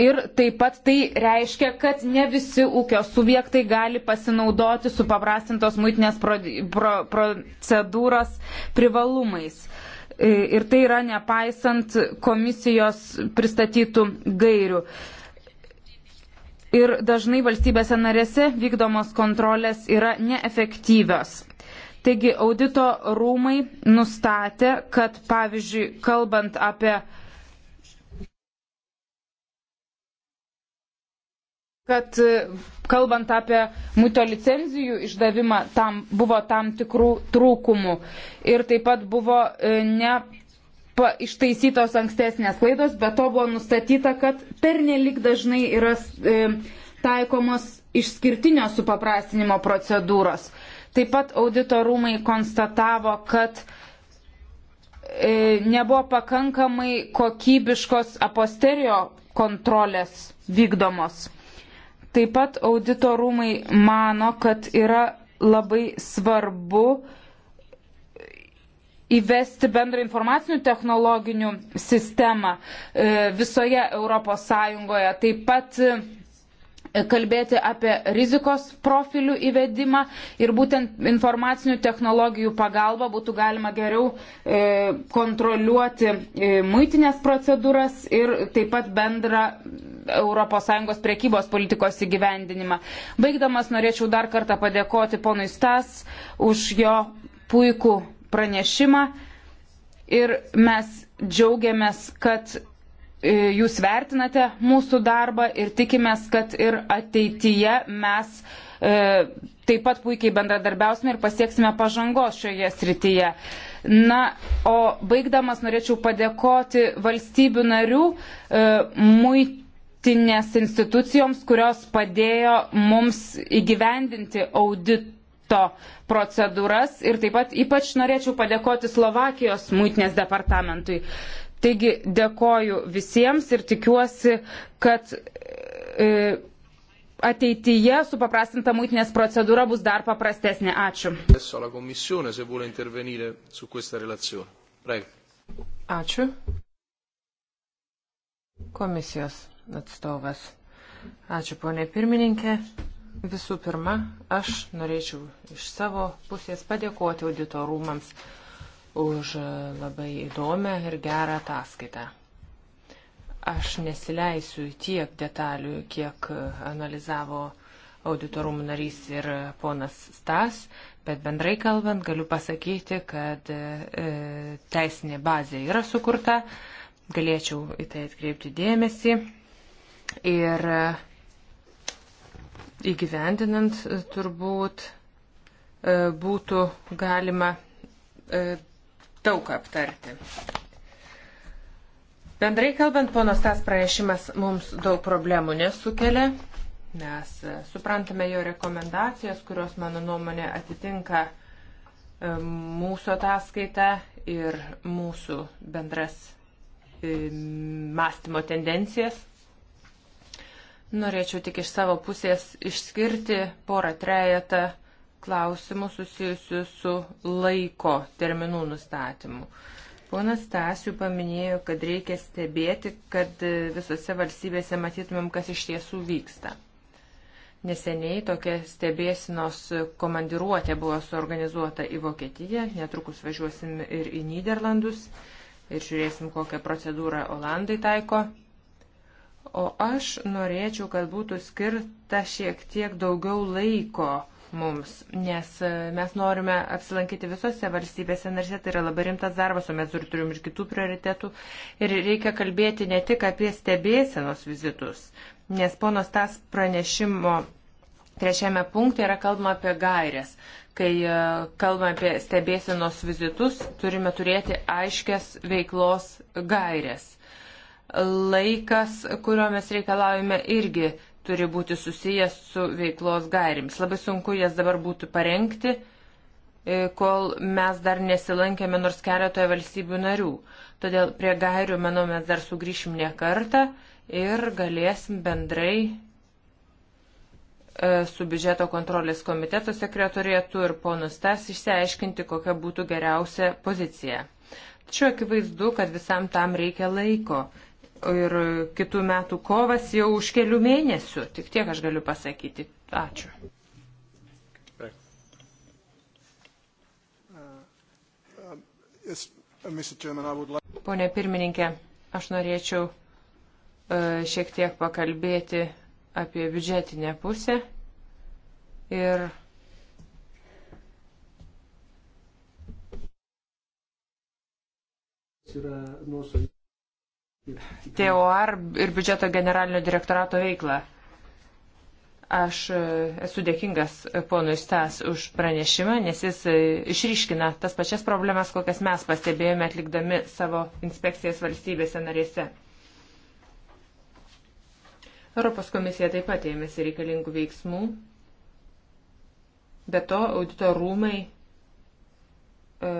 ir taip pat tai reiškia, kad ne visi ūkio subjektai gali pasinaudoti su paprastintos muitinės pro, pro, procedūros privalumais. E, ir tai yra nepaisant komisijos pristatytų gairių. Ir dažnai valstybėse narėse vykdomos kontrolės yra neefektyvios. Taigi audito rūmai nustatė, kad pavyzdžiui, kalbant apie kad e, kalbant apie muito licenzijų išdavimą, tam buvo tam tikrų trūkumų ir taip pat buvo e, ne. Pa, ištaisytos ankstesnės klaidos, bet to buvo nustatyta, kad pernelik dažnai yra e, taikomos išskirtinio supaprastinimo procedūros. Taip pat auditorumai konstatavo, kad e, nebuvo pakankamai kokybiškos aposterio kontrolės vykdomos. Taip pat auditorumai mano, kad yra labai svarbu įvesti bendrą informacinių technologinių sistemą e, visoje Europos Sąjungoje. Taip pat E, kalbėti apie rizikos profilių įvedimą ir būtent informacinių technologijų pagalba būtų galima geriau e, kontroliuoti e, muitinės procedūras ir taip pat bendrą ES priekybos politikos įgyvendinimą. Baigdamas norėčiau dar kartą padėkoti ponui Stas už jo puikų pranešimą ir mes džiaugiamės, kad E, jūs vertinate mūsų darbą ir tikimės, kad ir ateityje mes e, taip pat puikiai bendradarbiausime ir pasieksime pažangos šioje srityje. Na, o baigdamas norėčiau padėkoti valstybių narių e, muitinės institucijoms, kurios padėjo mums įgyvendinti auditą to procedūras ir taip pat ypač norėčiau padėkoti Slovakijos muitinės departamentui. Taigi dėkoju visiems ir tikiuosi, kad e, ateityje supaprastinta mūtinės procedūra bus dar paprastesnė. Ačiū. Ačiū. Komisijos atstovas. Ačiū, ponė pirmininkė. Visų pirma, aš norėčiau iš savo pusės padėkoti auditorumams už labai įdomią ir gerą ataskaitą. Aš nesileisiu į tiek detalių, kiek analizavo auditorumų narys ir ponas Stas, bet bendrai kalbant galiu pasakyti, kad e, teisinė bazė yra sukurta, galėčiau į tai atkreipti dėmesį ir e, įgyvendinant turbūt e, būtų galima e, daug aptarti. Bendrai kalbant, ponos tas pranešimas mums daug problemų nesukelia. Mes e, suprantame jo rekomendacijas, kurios, mano nuomonė, atitinka e, mūsų ataskaitą ir mūsų bendras e, mąstymo tendencijas. Norėčiau tik iš savo pusės išskirti porą trejetą klausimų susijusių su laiko terminų nustatymu. Ponas Stasių paminėjo, kad reikia stebėti, kad visose valstybėse matytumėm, kas iš tiesų vyksta. Neseniai tokia stebėsinos komandiruotė buvo suorganizuota į Vokietiją, netrukus važiuosim ir į Niderlandus ir žiūrėsim, kokią procedūrą Olandai taiko. O aš norėčiau, kad būtų skirta šiek tiek daugiau laiko mums, nes e, mes norime apsilankyti visose valstybėse narse, tai yra labai rimtas darbas, o mes ir turim ir kitų prioritetų. Ir reikia kalbėti ne tik apie stebėsenos vizitus, nes ponos tas pranešimo trečiame punkte yra kalbama apie gairias. Kai e, kalbame apie stebėsenos vizitus, turime turėti aiškias veiklos gairias laikas, kurio mes reikalaujame irgi turi būti susijęs su veiklos gairims. Labai sunku jas dabar būtų parengti, e, kol mes dar nesilankėme nors keletoje valstybių narių. Todėl prie gairių, manau, mes dar sugrįšim ne kartą ir galėsim bendrai e, su biudžeto kontrolės komiteto sekretorietu ir ponus tas išsiaiškinti, kokia būtų geriausia pozicija. Tačiau akivaizdu, kad visam tam reikia laiko ir kitų metų kovas jau už kelių mėnesių. Tik tiek aš galiu pasakyti. Ačiū. Pone pirmininkė, aš norėčiau e, šiek tiek pakalbėti apie biudžetinę pusę ir yra nuosavybė. TOR ir biudžeto generalinio direktorato veiklą. Aš e, esu dėkingas e, ponui Stas už pranešimą, nes jis e, išryškina tas pačias problemas, kokias mes pastebėjome atlikdami savo inspekcijas valstybėse narėse. Europos komisija taip pat ėmėsi reikalingų veiksmų. Be to, audito rūmai e,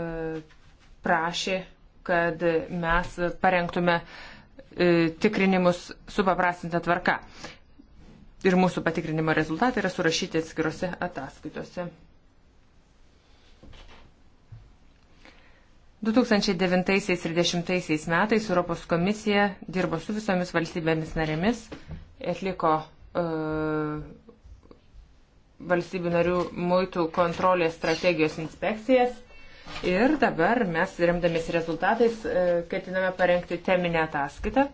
prašė kad mes parengtume e, tikrinimus supaprastinta tvarka. Ir mūsų patikrinimo rezultatai yra surašyti atskirose ataskaitose. 2009 ir 2010 metais Europos komisija dirbo su visomis valstybėmis narėmis, atliko uh, valstybių narių muitų kontrolės strategijos inspekcijas Ir dabar mes, remdamės rezultatais, e, ketiname parengti teminę ataskaitą.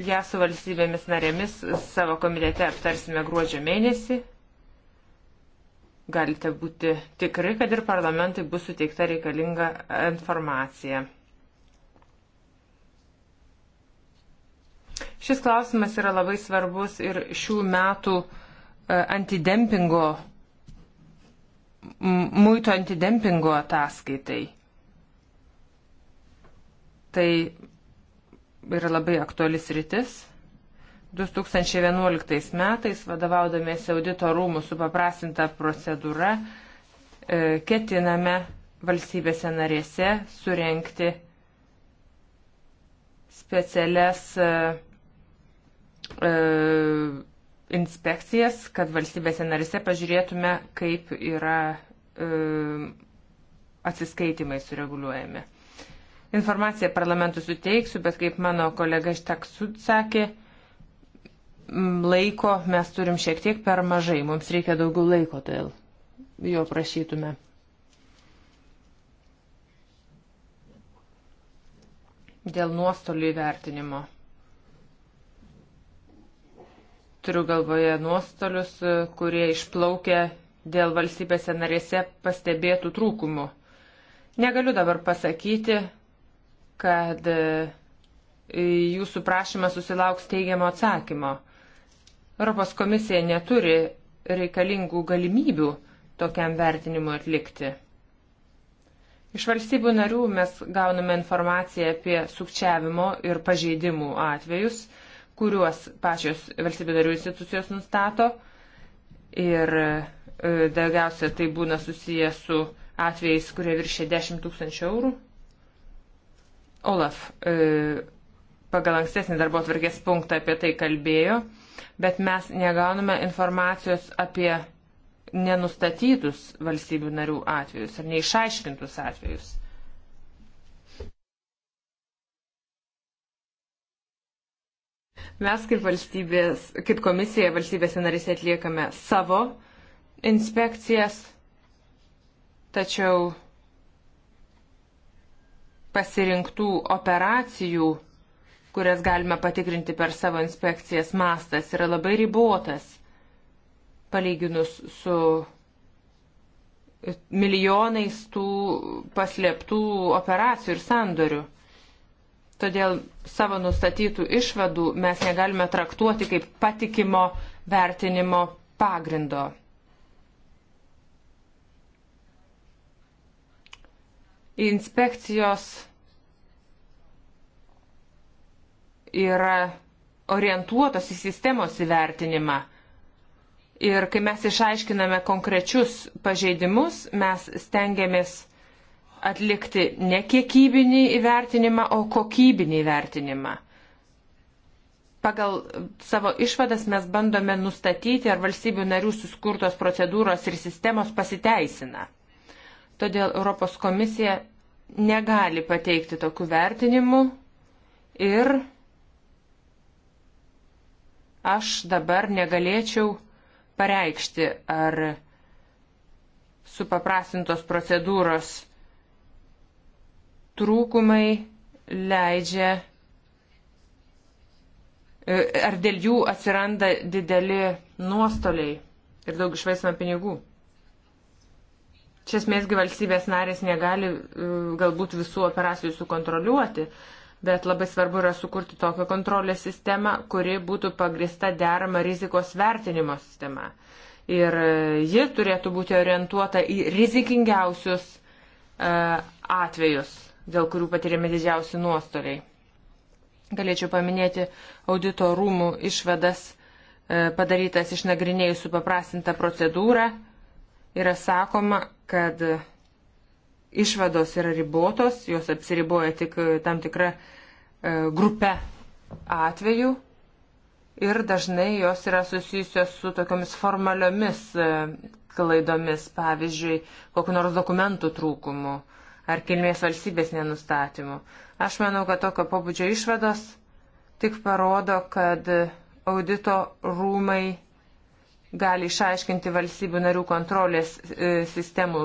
Ja su valstybėmis narėmis savo komitete aptarsime gruodžio mėnesį. Galite būti tikri, kad ir parlamentui bus suteikta reikalinga informacija. Šis klausimas yra labai svarbus ir šių metų e, antidempingo muito antidempingo ataskaitai. Tai yra labai aktualis rytis. 2011 metais, vadovaudomėsi audito rūmų supaprastinta procedūra, e, ketiname valstybėse narėse surenkti specialias e, e, inspekcijas, kad valstybėse narise pažiūrėtume, kaip yra e, atsiskaitimai sureguliuojami. Informaciją parlamentui suteiksiu, bet kaip mano kolega Štaksut sakė, laiko mes turim šiek tiek per mažai, mums reikia daugiau laiko, todėl jo prašytume. Dėl nuostolių įvertinimo. Turiu galvoje nuostolius, e, kurie išplaukia dėl valstybėse narėse pastebėtų trūkumų. Negaliu dabar pasakyti, kad e, jūsų prašymą susilauks teigiamo atsakymo. Europos komisija neturi reikalingų galimybių tokiam vertinimui atlikti. Iš valstybių narių mes gauname informaciją apie sukčiavimo ir pažeidimų atvejus kuriuos pačios valstybių narių institucijos nustato. Ir e, daugiausia tai būna susiję su atvejais, kurie viršė 10 tūkstančių eurų. Olaf e, pagal ankstesnį darbo atvarkės punktą apie tai kalbėjo, bet mes negauname informacijos apie nenustatytus valstybių narių atvejus ar neišaiškintus atvejus. Mes kaip, valstybės, kaip komisija valstybėse narise atliekame savo inspekcijas, tačiau pasirinktų operacijų, kurias galime patikrinti per savo inspekcijas, mastas yra labai ribotas, palyginus su milijonais tų paslėptų operacijų ir sandorių. Todėl savo nustatytų išvadų mes negalime traktuoti kaip patikimo vertinimo pagrindo. Inspekcijos yra orientuotos į sistemos įvertinimą. Ir kai mes išaiškiname konkrečius pažeidimus, mes stengiamės atlikti ne kiekybinį įvertinimą, o kokybinį įvertinimą. Pagal savo išvadas mes bandome nustatyti, ar valstybių narių suskurtos procedūros ir sistemos pasiteisina. Todėl Europos komisija negali pateikti tokių vertinimų ir aš dabar negalėčiau pareikšti, ar supaprastintos procedūros trūkumai leidžia e, ar dėl jų atsiranda dideli nuostoliai ir daug išvaistama pinigų. Iš esmėsgi valstybės narės negali e, galbūt visų operacijų sukontroliuoti, bet labai svarbu yra sukurti tokią kontrolės sistemą, kuri būtų pagrista derama rizikos vertinimo sistema. Ir e, ji turėtų būti orientuota į rizikingiausius atvejus dėl kurių patiriami didžiausi nuostoliai. Galėčiau paminėti audito rūmų išvadas e, padarytas išnagrinėjus supaprastintą procedūrą. Yra sakoma, kad išvados yra ribotos, jos apsiriboja tik e, tam tikrą e, grupę atvejų ir dažnai jos yra susijusios su tokiomis formaliomis klaidomis, pavyzdžiui, kokiu nors dokumentų trūkumu ar kilmės valstybės nenustatymu. Aš manau, kad tokio pobūdžio išvados tik parodo, kad audito rūmai gali išaiškinti valstybių narių kontrolės e, sistemų